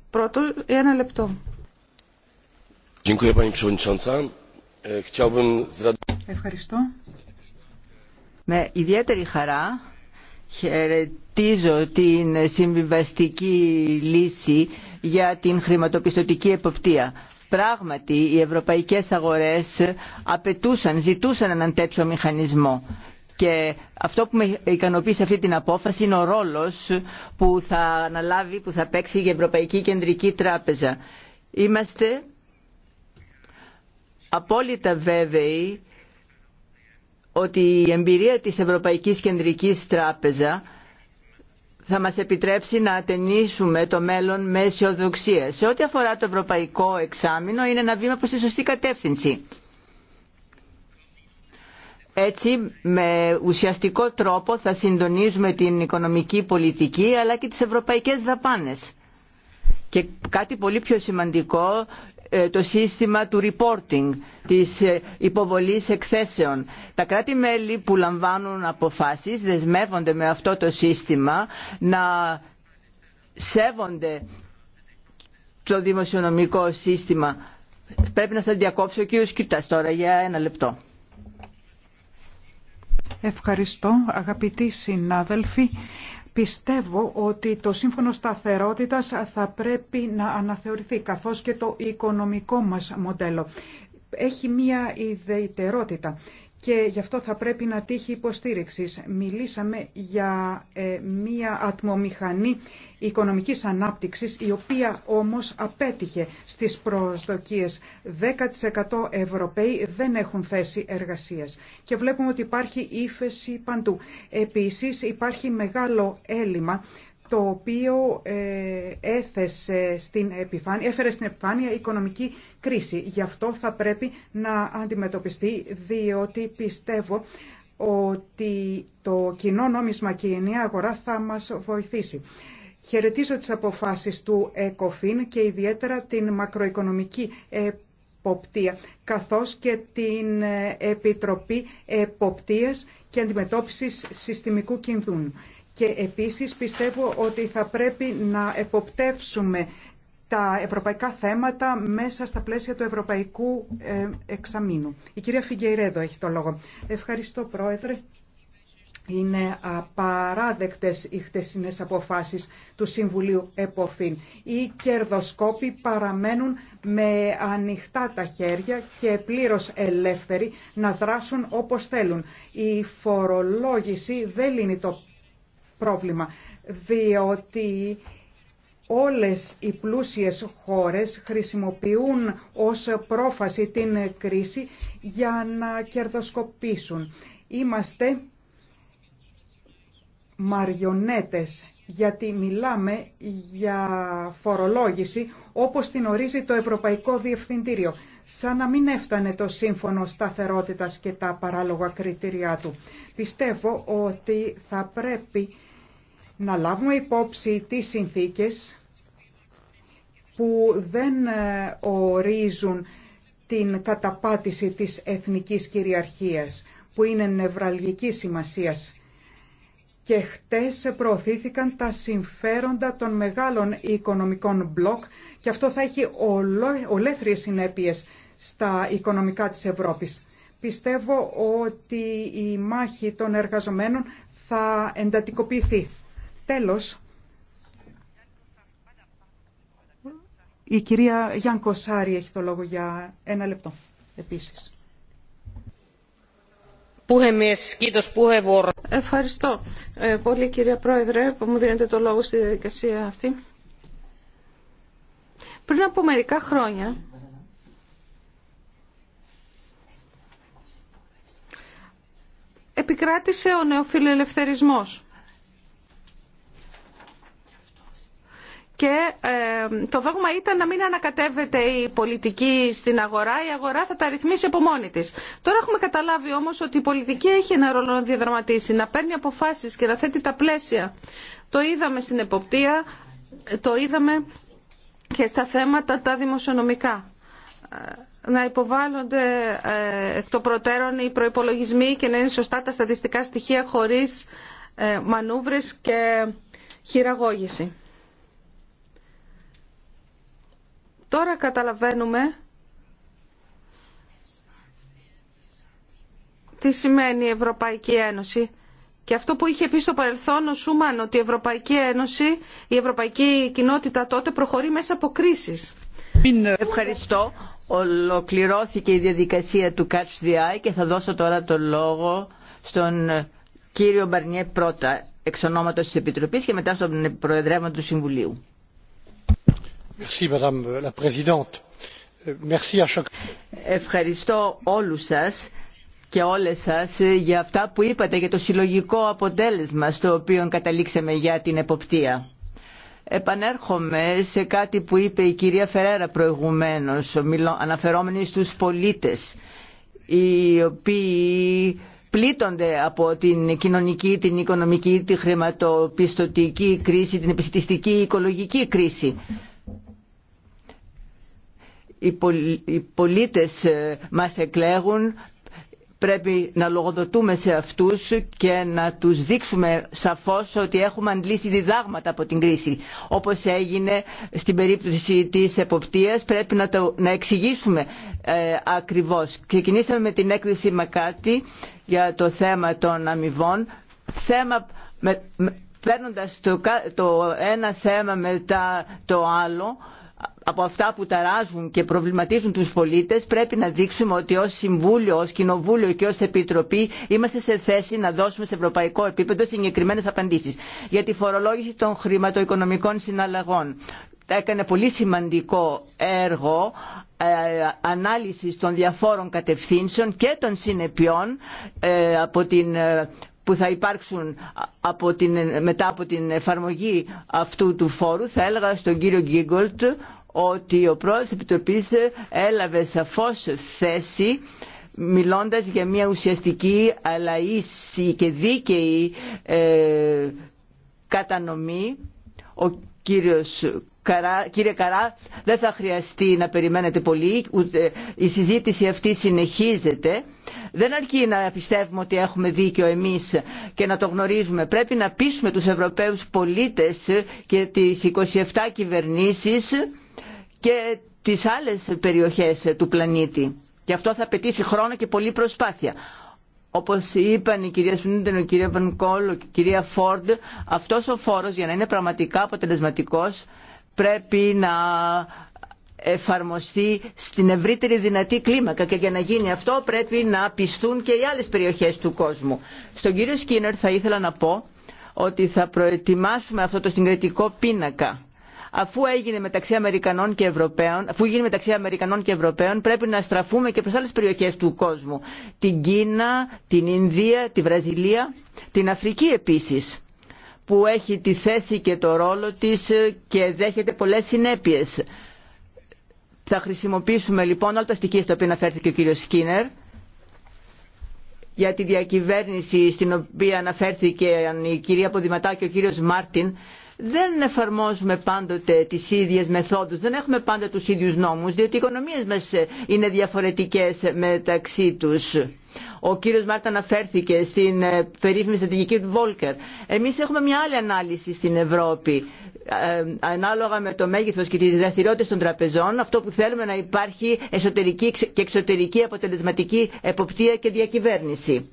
για ένα λεπτό. Ε, Ευχαριστώ. Με ιδιαίτερη χαρά Χαιρετίζω την συμβιβαστική λύση για την χρηματοπιστωτική εποπτεία. Πράγματι, οι ευρωπαϊκές αγορές απαιτούσαν, ζητούσαν έναν τέτοιο μηχανισμό. Και αυτό που με ικανοποιεί αυτή την απόφαση είναι ο ρόλος που θα αναλάβει, που θα παίξει η Ευρωπαϊκή Κεντρική Τράπεζα. Είμαστε απόλυτα βέβαιοι ότι η εμπειρία της Ευρωπαϊκής Κεντρικής Τράπεζα θα μας επιτρέψει να ατενίσουμε το μέλλον με αισιοδοξία. Σε ό,τι αφορά το ευρωπαϊκό εξάμεινο είναι ένα βήμα προς τη σωστή κατεύθυνση. Έτσι, με ουσιαστικό τρόπο θα συντονίζουμε την οικονομική πολιτική αλλά και τις ευρωπαϊκές δαπάνες. Και κάτι πολύ πιο σημαντικό, ε, το σύστημα του reporting, της ε, υποβολής εκθέσεων. Τα κράτη-μέλη που λαμβάνουν αποφάσεις δεσμεύονται με αυτό το σύστημα να σέβονται το δημοσιονομικό σύστημα. Πρέπει να σας διακόψω κύριο Σκυτάς τώρα για ένα λεπτό. Ευχαριστώ αγαπητοί συνάδελφοι. Πιστεύω ότι το σύμφωνο σταθερότητας θα πρέπει να αναθεωρηθεί, καθώς και το οικονομικό μας μοντέλο. Έχει μία ιδειτερότητα και γι' αυτό θα πρέπει να τύχει υποστήριξης. Μιλήσαμε για ε, μία ατμομηχανή οικονομικής ανάπτυξης, η οποία όμως απέτυχε στις προσδοκίες. 10% Ευρωπαίοι δεν έχουν θέση εργασίας και βλέπουμε ότι υπάρχει ύφεση παντού. Επίσης υπάρχει μεγάλο έλλειμμα το οποίο ε, έθεσε στην επιφάνεια, έφερε στην επιφάνεια οικονομική κρίση. Γι' αυτό θα πρέπει να αντιμετωπιστεί, διότι πιστεύω ότι το κοινό νόμισμα και η αγορά θα μας βοηθήσει. Χαιρετίζω τις αποφάσεις του ΕΚΟΦΗΝ και ιδιαίτερα την μακροοικονομική εποπτεία, καθώς και την Επιτροπή Εποπτείας και Αντιμετώπισης Συστημικού Κινδύνου. Και επίσης πιστεύω ότι θα πρέπει να εποπτεύσουμε τα ευρωπαϊκά θέματα μέσα στα πλαίσια του ευρωπαϊκού ε, εξαμήνου. Η κυρία Φιγκεϊρέδο έχει το λόγο. Ευχαριστώ Πρόεδρε. Είναι απαράδεκτες οι χτεσινές αποφάσεις του Συμβουλίου ΕΠΟΦΗΝ. Οι κερδοσκόποι παραμένουν με ανοιχτά τα χέρια και πλήρως ελεύθεροι να δράσουν όπως θέλουν. Η φορολόγηση δεν λύνει το πρόβλημα, διότι όλες οι πλούσιες χώρες χρησιμοποιούν ως πρόφαση την κρίση για να κερδοσκοπήσουν. Είμαστε μαριονέτες γιατί μιλάμε για φορολόγηση όπως την ορίζει το Ευρωπαϊκό Διευθυντήριο, σαν να μην έφτανε το σύμφωνο σταθερότητας και τα παράλογα κριτήριά του. Πιστεύω ότι θα πρέπει να λάβουμε υπόψη τις συνθήκες που δεν ε, ορίζουν την καταπάτηση της εθνικής κυριαρχίας, που είναι νευραλγική σημασίας. Και χτες προωθήθηκαν τα συμφέροντα των μεγάλων οικονομικών μπλοκ και αυτό θα έχει ολέθριες συνέπειες στα οικονομικά της Ευρώπης. Πιστεύω ότι η μάχη των εργαζομένων θα εντατικοποιηθεί. Τέλος, η κυρία Γιάν Κοσάρη έχει το λόγο για ένα λεπτό επίσης. Ευχαριστώ ε, πολύ κυρία Πρόεδρε που μου δίνετε το λόγο στη διαδικασία αυτή. Πριν από μερικά χρόνια επικράτησε ο νεοφιλελευθερισμός και ε, το δόγμα ήταν να μην ανακατεύεται η πολιτική στην αγορά, η αγορά θα τα ρυθμίσει από μόνη της. Τώρα έχουμε καταλάβει όμως ότι η πολιτική έχει ένα ρόλο να διαδραματίσει, να παίρνει αποφάσεις και να θέτει τα πλαίσια. Το είδαμε στην εποπτεία, το είδαμε και στα θέματα τα δημοσιονομικά ε, να υποβάλλονται ε, εκ των προτέρων οι προϋπολογισμοί και να είναι σωστά τα στατιστικά στοιχεία χωρίς μανούβρες και χειραγώγηση. Τώρα καταλαβαίνουμε τι σημαίνει η Ευρωπαϊκή Ένωση. Και αυτό που είχε πει στο παρελθόν ο Σούμαν, ότι η Ευρωπαϊκή Ένωση, η Ευρωπαϊκή Κοινότητα τότε προχωρεί μέσα από κρίσεις. Ευχαριστώ. Ολοκληρώθηκε η διαδικασία του Catch the Eye και θα δώσω τώρα το λόγο στον κύριο Μπαρνιέ πρώτα, εξ ονόματος της Επιτροπής και μετά στον Προεδρεύμα του Συμβουλίου. Ευχαριστώ όλους σας και όλες σας για αυτά που είπατε για το συλλογικό αποτέλεσμα στο οποίο καταλήξαμε για την εποπτεία. Επανέρχομαι σε κάτι που είπε η κυρία Φεραίρα προηγουμένως, αναφερόμενη στους πολίτες, οι οποίοι πλήττονται από την κοινωνική, την οικονομική, τη χρηματοπιστωτική κρίση, την επιστημιστική, οικολογική κρίση οι πολίτες ε, μας εκλέγουν πρέπει να λογοδοτούμε σε αυτούς και να τους δείξουμε σαφώς ότι έχουμε αντλήσει διδάγματα από την κρίση. Όπως έγινε στην περίπτωση της εποπτείας πρέπει να, το, να εξηγήσουμε ε, ακριβώς. Ξεκινήσαμε με την έκδοση Μακάτι για το θέμα των αμοιβών. Θέμα με, παίρνοντας το, το ένα θέμα μετά το άλλο από αυτά που ταράζουν και προβληματίζουν τους πολίτες πρέπει να δείξουμε ότι ως Συμβούλιο, ως Κοινοβούλιο και ως Επιτροπή είμαστε σε θέση να δώσουμε σε ευρωπαϊκό επίπεδο συγκεκριμένες απαντήσεις για τη φορολόγηση των χρηματοοικονομικών συναλλαγών. Έκανε πολύ σημαντικό έργο ε, ανάλυσης των διαφόρων κατευθύνσεων και των συνεπειών ε, από την ε, που θα υπάρξουν από την, μετά από την εφαρμογή αυτού του φόρου θα έλεγα στον κύριο Γκίγκολτ ότι ο πρόεδρος της Επιτροπής έλαβε σαφώς θέση μιλώντας για μια ουσιαστική αλλά ίση και δίκαιη ε, κατανομή ο κύριος Καρά, κύριε δεν θα χρειαστεί να περιμένετε πολύ, ούτε, η συζήτηση αυτή συνεχίζεται. Δεν αρκεί να πιστεύουμε ότι έχουμε δίκιο εμείς και να το γνωρίζουμε. Πρέπει να πείσουμε τους Ευρωπαίους πολίτες και τις 27 κυβερνήσεις και τις άλλες περιοχές του πλανήτη. Και αυτό θα απαιτήσει χρόνο και πολλή προσπάθεια. Όπως είπαν η κυρία Σουνίντεν, η κυρία Βανκόλ, η κυρία Φόρντ, αυτός ο φόρος για να είναι πραγματικά αποτελεσματικός πρέπει να εφαρμοστεί στην ευρύτερη δυνατή κλίμακα και για να γίνει αυτό πρέπει να πιστούν και οι άλλες περιοχές του κόσμου. Στον κύριο Σκίνερ θα ήθελα να πω ότι θα προετοιμάσουμε αυτό το συγκριτικό πίνακα αφού έγινε μεταξύ Αμερικανών και Ευρωπαίων, αφού γίνει μεταξύ Αμερικανών και Ευρωπαίων, πρέπει να στραφούμε και προς άλλες περιοχές του κόσμου. Την Κίνα, την Ινδία, τη Βραζιλία, την Αφρική επίσης που έχει τη θέση και το ρόλο της και δέχεται πολλές συνέπειες. Θα χρησιμοποιήσουμε λοιπόν όλα τα στοιχεία στα οποία αναφέρθηκε ο κύριος Σκίνερ για τη διακυβέρνηση στην οποία αναφέρθηκε η κυρία Ποδηματά και ο κύριος Μάρτιν δεν εφαρμόζουμε πάντοτε τις ίδιες μεθόδους, δεν έχουμε πάντα τους ίδιους νόμους, διότι οι οικονομίες μας είναι διαφορετικές μεταξύ τους. Ο κύριος Μάρτα αναφέρθηκε στην περίφημη στρατηγική του Βόλκερ. Εμείς έχουμε μια άλλη ανάλυση στην Ευρώπη. Ε, ε, ανάλογα με το μέγεθος και τις δραστηριότητες των τραπεζών αυτό που θέλουμε να υπάρχει εσωτερική και εξωτερική αποτελεσματική εποπτεία και διακυβέρνηση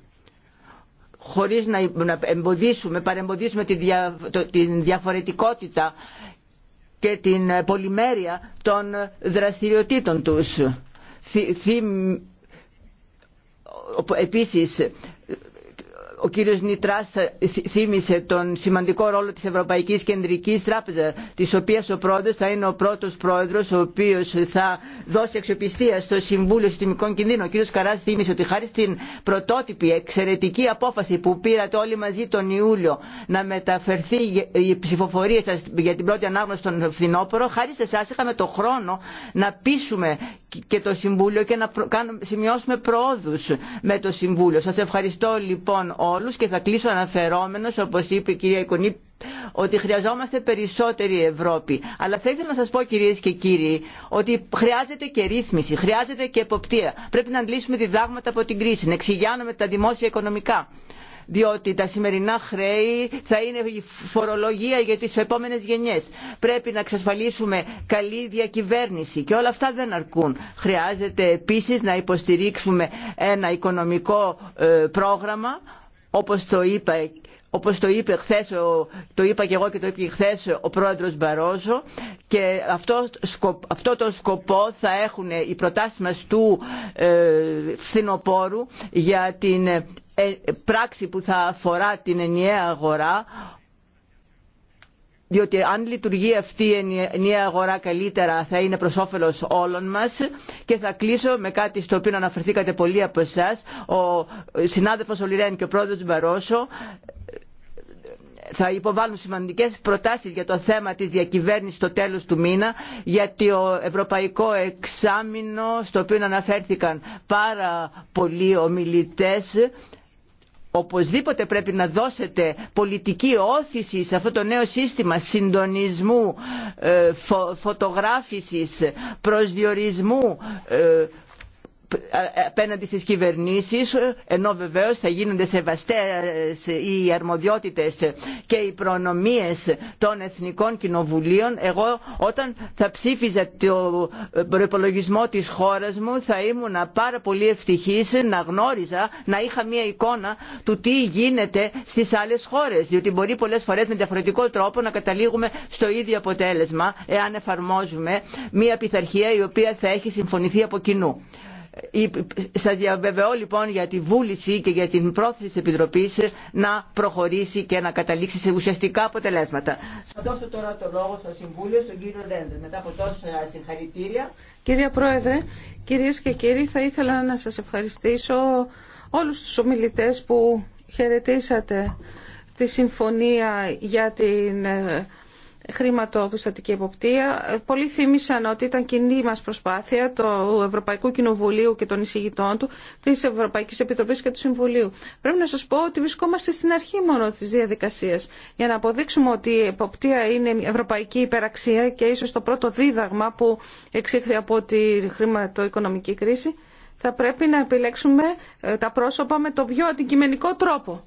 χωρίς να εμποδίσουμε, παρεμποδίσουμε την διαφορετικότητα και την ε, πολυμέρεια των δραστηριοτήτων τους. Επίσης, ο κύριος Νιτράς θύμισε τον σημαντικό ρόλο της Ευρωπαϊκής Κεντρικής Τράπεζας, της οποίας ο πρόεδρος θα είναι ο πρώτος πρόεδρος, ο οποίος θα δώσει αξιοπιστία στο Συμβούλιο Συστημικών Κινδύνων. Ο κύριος Καράς θύμισε ότι χάρη στην πρωτότυπη εξαιρετική απόφαση που πήρατε όλοι μαζί τον Ιούλιο να μεταφερθεί η ψηφοφορία σας για την πρώτη ανάγνωση στον φθινόπωρο, χάρη σε εσάς είχαμε το χρόνο να πείσουμε και το Συμβούλιο και να σημειώσουμε προόδους με το Συμβούλιο. Σας ευχαριστώ λοιπόν όλους και θα κλείσω αναφερόμενος, όπως είπε η κυρία Ικονή ότι χρειαζόμαστε περισσότερη Ευρώπη. Αλλά θα ήθελα να σας πω κυρίες και κύριοι ότι χρειάζεται και ρύθμιση, χρειάζεται και εποπτεία. Πρέπει να αντλήσουμε διδάγματα από την κρίση, να εξηγιάνουμε τα δημόσια οικονομικά διότι τα σημερινά χρέη θα είναι η φορολογία για τις επόμενες γενιές. Πρέπει να εξασφαλίσουμε καλή διακυβέρνηση και όλα αυτά δεν αρκούν. Χρειάζεται επίσης να υποστηρίξουμε ένα οικονομικό ε, πρόγραμμα όπως το είπα όπως το είπε χθες, το είπα και εγώ και το είπε χθες ο πρόεδρος Μπαρόζο και αυτό, αυτό το σκοπό θα έχουν οι προτάσεις μας του ε, φθινοπόρου για την ε, πράξη που θα αφορά την ενιαία αγορά διότι αν λειτουργεί αυτή η νέα αγορά καλύτερα θα είναι προς όφελος όλων μας και θα κλείσω με κάτι στο οποίο αναφερθήκατε πολλοί από εσά, ο συνάδελφος Ολυρέν και ο πρόεδρος Μπαρόσο ε, θα υποβάλουν σημαντικές προτάσεις για το θέμα της διακυβέρνησης στο τέλος του μήνα γιατί ο ευρωπαϊκό εξάμεινο στο οποίο αναφέρθηκαν πάρα πολλοί ομιλητές οπωσδήποτε πρέπει να δώσετε πολιτική όθηση σε αυτό το νέο σύστημα συντονισμού, ε, φωτογράφησης, προσδιορισμού ε, απέναντι στις κυβερνήσεις ενώ βεβαίως θα γίνονται σεβαστές οι αρμοδιότητες και οι προνομίες των εθνικών κοινοβουλίων εγώ όταν θα ψήφιζα το προπολογισμό της χώρας μου θα ήμουν πάρα πολύ ευτυχής να γνώριζα να είχα μια εικόνα του τι γίνεται στις άλλες χώρες διότι μπορεί πολλές φορές με διαφορετικό τρόπο να καταλήγουμε στο ίδιο αποτέλεσμα εάν εφαρμόζουμε μια πειθαρχία η οποία θα έχει συμφωνηθεί από κοινού. Ε, ε, σας διαβεβαιώ λοιπόν για τη βούληση και για την πρόθεση της Επιτροπής να προχωρήσει και να καταλήξει σε ουσιαστικά αποτελέσματα. Θα δώσω τώρα το λόγο στο Συμβούλιο, στον κύριο Ρέντε, μετά από τόσα συγχαρητήρια. Κυρία Πρόεδρε, κυρίες και κύριοι, θα ήθελα να σας ευχαριστήσω όλους τους ομιλητές που χαιρετήσατε τη συμφωνία για την ε, χρηματοπιστωτική εποπτεία. Πολλοί θύμισαν ότι ήταν κοινή μα προσπάθεια του Ευρωπαϊκού Κοινοβουλίου και των εισηγητών του, τη Ευρωπαϊκή Επιτροπή και του Συμβουλίου. Πρέπει να σα πω ότι βρισκόμαστε στην αρχή μόνο τη διαδικασία. για να αποδείξουμε ότι η εποπτεία είναι ευρωπαϊκή υπεραξία και ίσω το πρώτο δίδαγμα που εξήχθη από τη χρηματοοικονομική κρίση θα πρέπει να επιλέξουμε ε, τα πρόσωπα με τον πιο αντικειμενικό τρόπο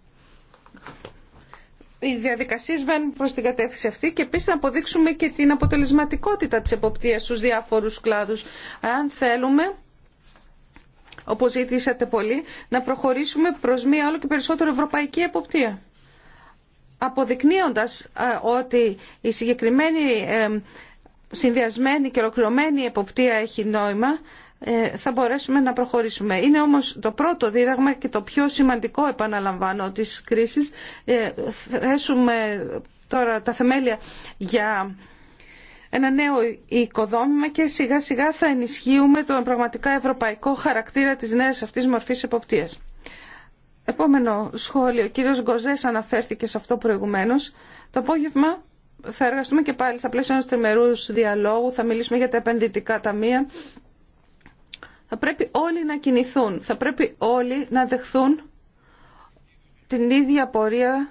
οι διαδικασίε βαίνουν προς την κατεύθυνση αυτή και επίση να αποδείξουμε και την αποτελεσματικότητα της εποπτείας στου διάφορους κλάδους. Αν θέλουμε όπω ζητήσατε πολύ, να προχωρήσουμε προς μία όλο και περισσότερο ευρωπαϊκή εποπτεία. Αποδεικνύοντας ε, ότι η συγκεκριμένη ε, συνδυασμένη και ολοκληρωμένη εποπτεία έχει νόημα ε, θα μπορέσουμε να προχωρήσουμε. Είναι όμως το πρώτο δίδαγμα και το πιο σημαντικό επαναλαμβάνω της κρίσης. Ε, θέσουμε τώρα τα θεμέλια για ένα νέο οικοδόμημα και σιγά σιγά θα ενισχύουμε τον πραγματικά ευρωπαϊκό χαρακτήρα της νέας αυτής μορφής εποπτείας. Επόμενο σχόλιο. Ο κύριος Γκοζές αναφέρθηκε σε αυτό προηγουμένως. Το απόγευμα θα εργαστούμε και πάλι στα πλαίσια ενός τριμερούς διαλόγου. Θα μιλήσουμε για τα επενδυτικά ταμεία θα πρέπει όλοι να κινηθούν, θα πρέπει όλοι να δεχθούν την ίδια πορεία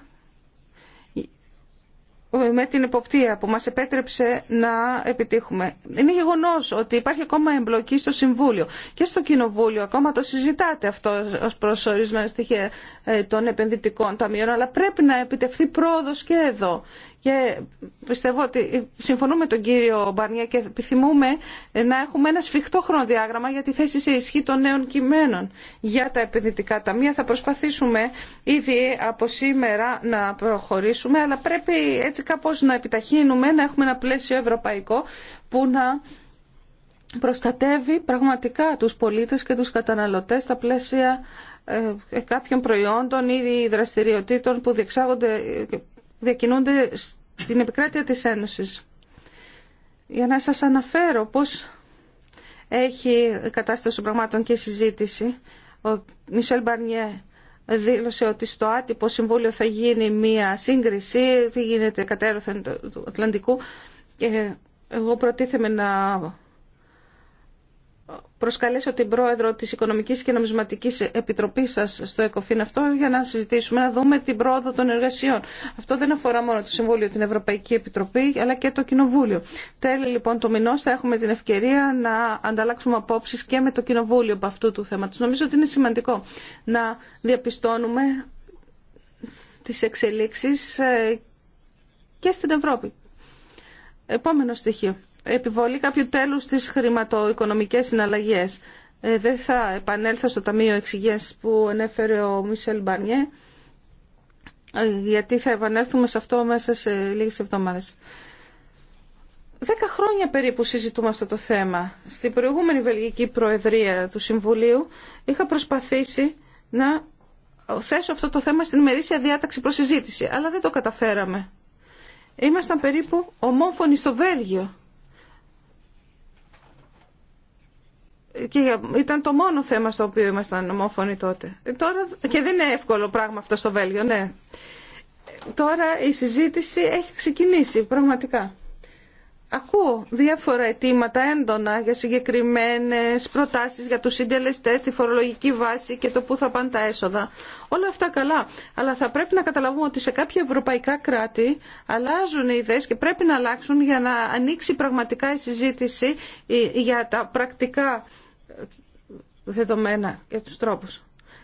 με την υποπτία που μας επέτρεψε να επιτύχουμε. Είναι γεγονός ότι υπάρχει ακόμα εμπλοκή στο Συμβούλιο και στο Κοινοβούλιο. Ακόμα το συζητάτε αυτό ως προσωρισμένα στοιχεία ε, των επενδυτικών ταμείων, αλλά πρέπει να επιτευχθεί πρόοδος και εδώ. Και πιστεύω ότι συμφωνούμε τον κύριο Μπαρνιέ και επιθυμούμε να έχουμε ένα σφιχτό χρονοδιάγραμμα για τη θέση σε ισχύ των νέων κειμένων για τα επενδυτικά ταμεία. Θα προσπαθήσουμε ήδη από σήμερα να προχωρήσουμε, αλλά πρέπει έτσι κάπως να επιταχύνουμε, να έχουμε ένα πλαίσιο ευρωπαϊκό που να προστατεύει πραγματικά τους πολίτες και τους καταναλωτές στα πλαίσια ε, κάποιων προϊόντων ή δραστηριοτήτων που διεξάγονται διακινούνται στην επικράτεια της Ένωσης. Για να σας αναφέρω πώς έχει κατάσταση των πραγμάτων και συζήτηση, ο Μισελ Μπαρνιέ δήλωσε ότι στο άτυπο συμβούλιο θα γίνει μία σύγκριση, τι γίνεται κατέρωθεν του Ατλαντικού και εγώ προτίθεμαι να προσκαλέσω την πρόεδρο της Οικονομικής και Νομισματικής Επιτροπής σας στο ΕΚΟΦΗΝ αυτό για να συζητήσουμε, να δούμε την πρόοδο των εργασιών. Αυτό δεν αφορά μόνο το Συμβούλιο, την Ευρωπαϊκή Επιτροπή, αλλά και το Κοινοβούλιο. Τέλει λοιπόν το μηνό θα έχουμε την ευκαιρία να ανταλλάξουμε απόψεις και με το Κοινοβούλιο από αυτού του θέματο. Νομίζω ότι είναι σημαντικό να διαπιστώνουμε τι εξελίξει ε, και στην Ευρώπη. Επόμενο στοιχείο επιβολή κάποιου τέλους στις χρηματοοικονομικές συναλλαγές. Ε, δεν θα επανέλθω στο Ταμείο Εξηγές που ενέφερε ο Μισελ Μπαρνιέ, ε, γιατί θα επανέλθουμε σε αυτό μέσα σε λίγες εβδομάδες. Δέκα χρόνια περίπου συζητούμε αυτό το θέμα. Στην προηγούμενη Βελγική Προεδρία του Συμβουλίου είχα προσπαθήσει να θέσω αυτό το θέμα στην μερίσια διάταξη προς αλλά δεν το καταφέραμε. Ήμασταν περίπου ομόφωνοι στο Βέλγιο και ήταν το μόνο θέμα στο οποίο ήμασταν ομόφωνοι τότε. Ε, τώρα, και δεν είναι εύκολο πράγμα αυτό στο Βέλγιο, ναι. Τώρα η συζήτηση έχει ξεκινήσει, πραγματικά. Ακούω διάφορα αιτήματα έντονα για συγκεκριμένες προτάσεις για τους συντελεστές, τη φορολογική βάση και το πού θα πάνε τα έσοδα. Όλα αυτά καλά. Αλλά θα πρέπει να καταλαβούμε ότι σε κάποια ευρωπαϊκά κράτη αλλάζουν οι ιδέες και πρέπει να αλλάξουν για να ανοίξει πραγματικά η συζήτηση για τα πρακτικά δεδομένα για τους τρόπους.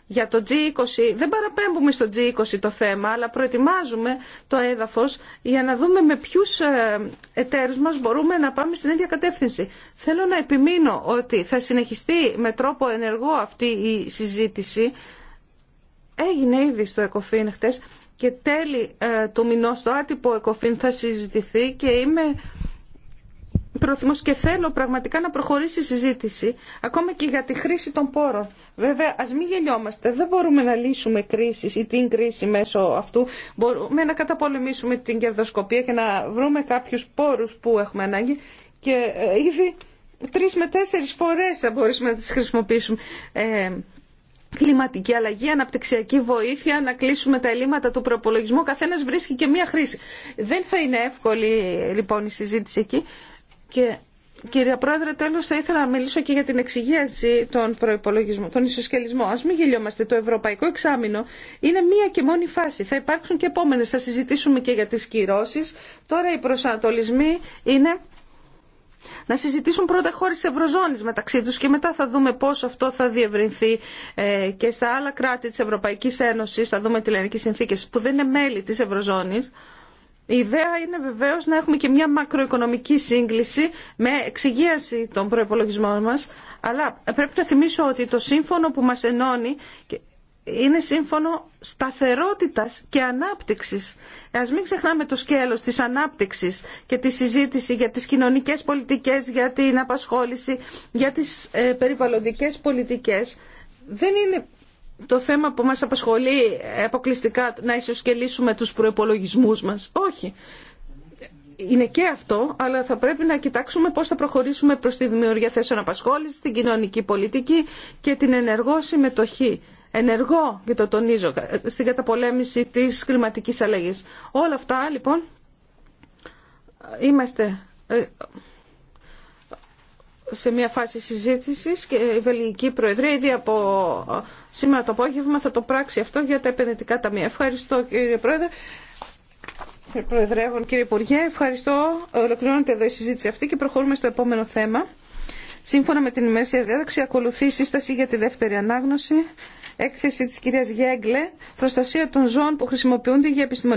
Για το G20, δεν παραπέμπουμε στο G20 το θέμα, αλλά προετοιμάζουμε το έδαφος για να δούμε με ποιους ε, εταίρους μας μπορούμε να πάμε στην ίδια κατεύθυνση. Θέλω να επιμείνω ότι θα συνεχιστεί με τρόπο ενεργό αυτή η συζήτηση. Έγινε ήδη στο ΕΚΟΦΗΝ χτες και τέλη ε, του μηνός το άτυπο ΕΚΟΦΗΝ θα συζητηθεί και είμαι προθυμός και θέλω πραγματικά να προχωρήσει η συζήτηση, ακόμα και για τη χρήση των πόρων. Βέβαια, ας μην γελιόμαστε, δεν μπορούμε να λύσουμε κρίσεις ή την κρίση μέσω αυτού. Μπορούμε να καταπολεμήσουμε την κερδοσκοπία και να βρούμε κάποιους πόρους που έχουμε ανάγκη και ε, ήδη τρεις με τέσσερις φορές θα μπορούσαμε να τις χρησιμοποιήσουμε. Ε, κλιματική αλλαγή, αναπτυξιακή βοήθεια, να κλείσουμε τα ελλείμματα του προπολογισμού. καθένα βρίσκει και μία χρήση. Δεν θα είναι εύκολη λοιπόν η συζήτηση εκεί. Και Κύριε Πρόεδρε, τέλος θα ήθελα να μιλήσω και για την εξυγίαση των προϋπολογισμών, των ισοσκελισμών. Ας μην γελιόμαστε, το ευρωπαϊκό εξάμεινο είναι μία και μόνη φάση. Θα υπάρξουν και επόμενες, θα συζητήσουμε και για τις κυρώσεις. Τώρα οι προσανατολισμοί είναι να συζητήσουν πρώτα χώρε τη Ευρωζώνης μεταξύ του, και μετά θα δούμε πώ αυτό θα διευρυνθεί ε, και στα άλλα κράτη τη Ευρωπαϊκή Ένωση, θα δούμε τι λένε και που δεν είναι μέλη τη Ευρωζώνη. Η ιδέα είναι βεβαίως να έχουμε και μια μακροοικονομική σύγκληση με εξυγίαση των προϋπολογισμών μας, αλλά πρέπει να θυμίσω ότι το σύμφωνο που μας ενώνει είναι σύμφωνο σταθερότητας και ανάπτυξης. Ας μην ξεχνάμε το σκέλος της ανάπτυξης και τη συζήτηση για τις κοινωνικές πολιτικές, για την απασχόληση, για τις ε, περιβαλλοντικές πολιτικές. Δεν είναι το θέμα που μας απασχολεί αποκλειστικά να ισοσκελίσουμε τους προϋπολογισμούς μας. Όχι. Είναι και αυτό, αλλά θα πρέπει να κοιτάξουμε πώς θα προχωρήσουμε προς τη δημιουργία θέσεων απασχόλησης, την κοινωνική πολιτική και την ενεργό συμμετοχή. Ενεργό, και το τονίζω, στην καταπολέμηση της κλιματικής αλλαγής. Όλα αυτά, λοιπόν, είμαστε ε, σε μια φάση συζήτησης και η Βελγική Προεδρία ήδη από ε, σήμερα το απόγευμα θα το πράξει αυτό για τα επενδυτικά ταμεία. Ευχαριστώ κύριε Πρόεδρε. Κύριε Προεδρεύον, κύριε Υπουργέ, ευχαριστώ. Ολοκληρώνεται εδώ η συζήτηση αυτή και προχωρούμε στο επόμενο θέμα. Σύμφωνα με την ημέρα διάταξη, ακολουθεί η σύσταση για τη δεύτερη ανάγνωση. Έκθεση της κυρίας Γέγκλε, προστασία των ζώων που χρησιμοποιούνται για επιστημονική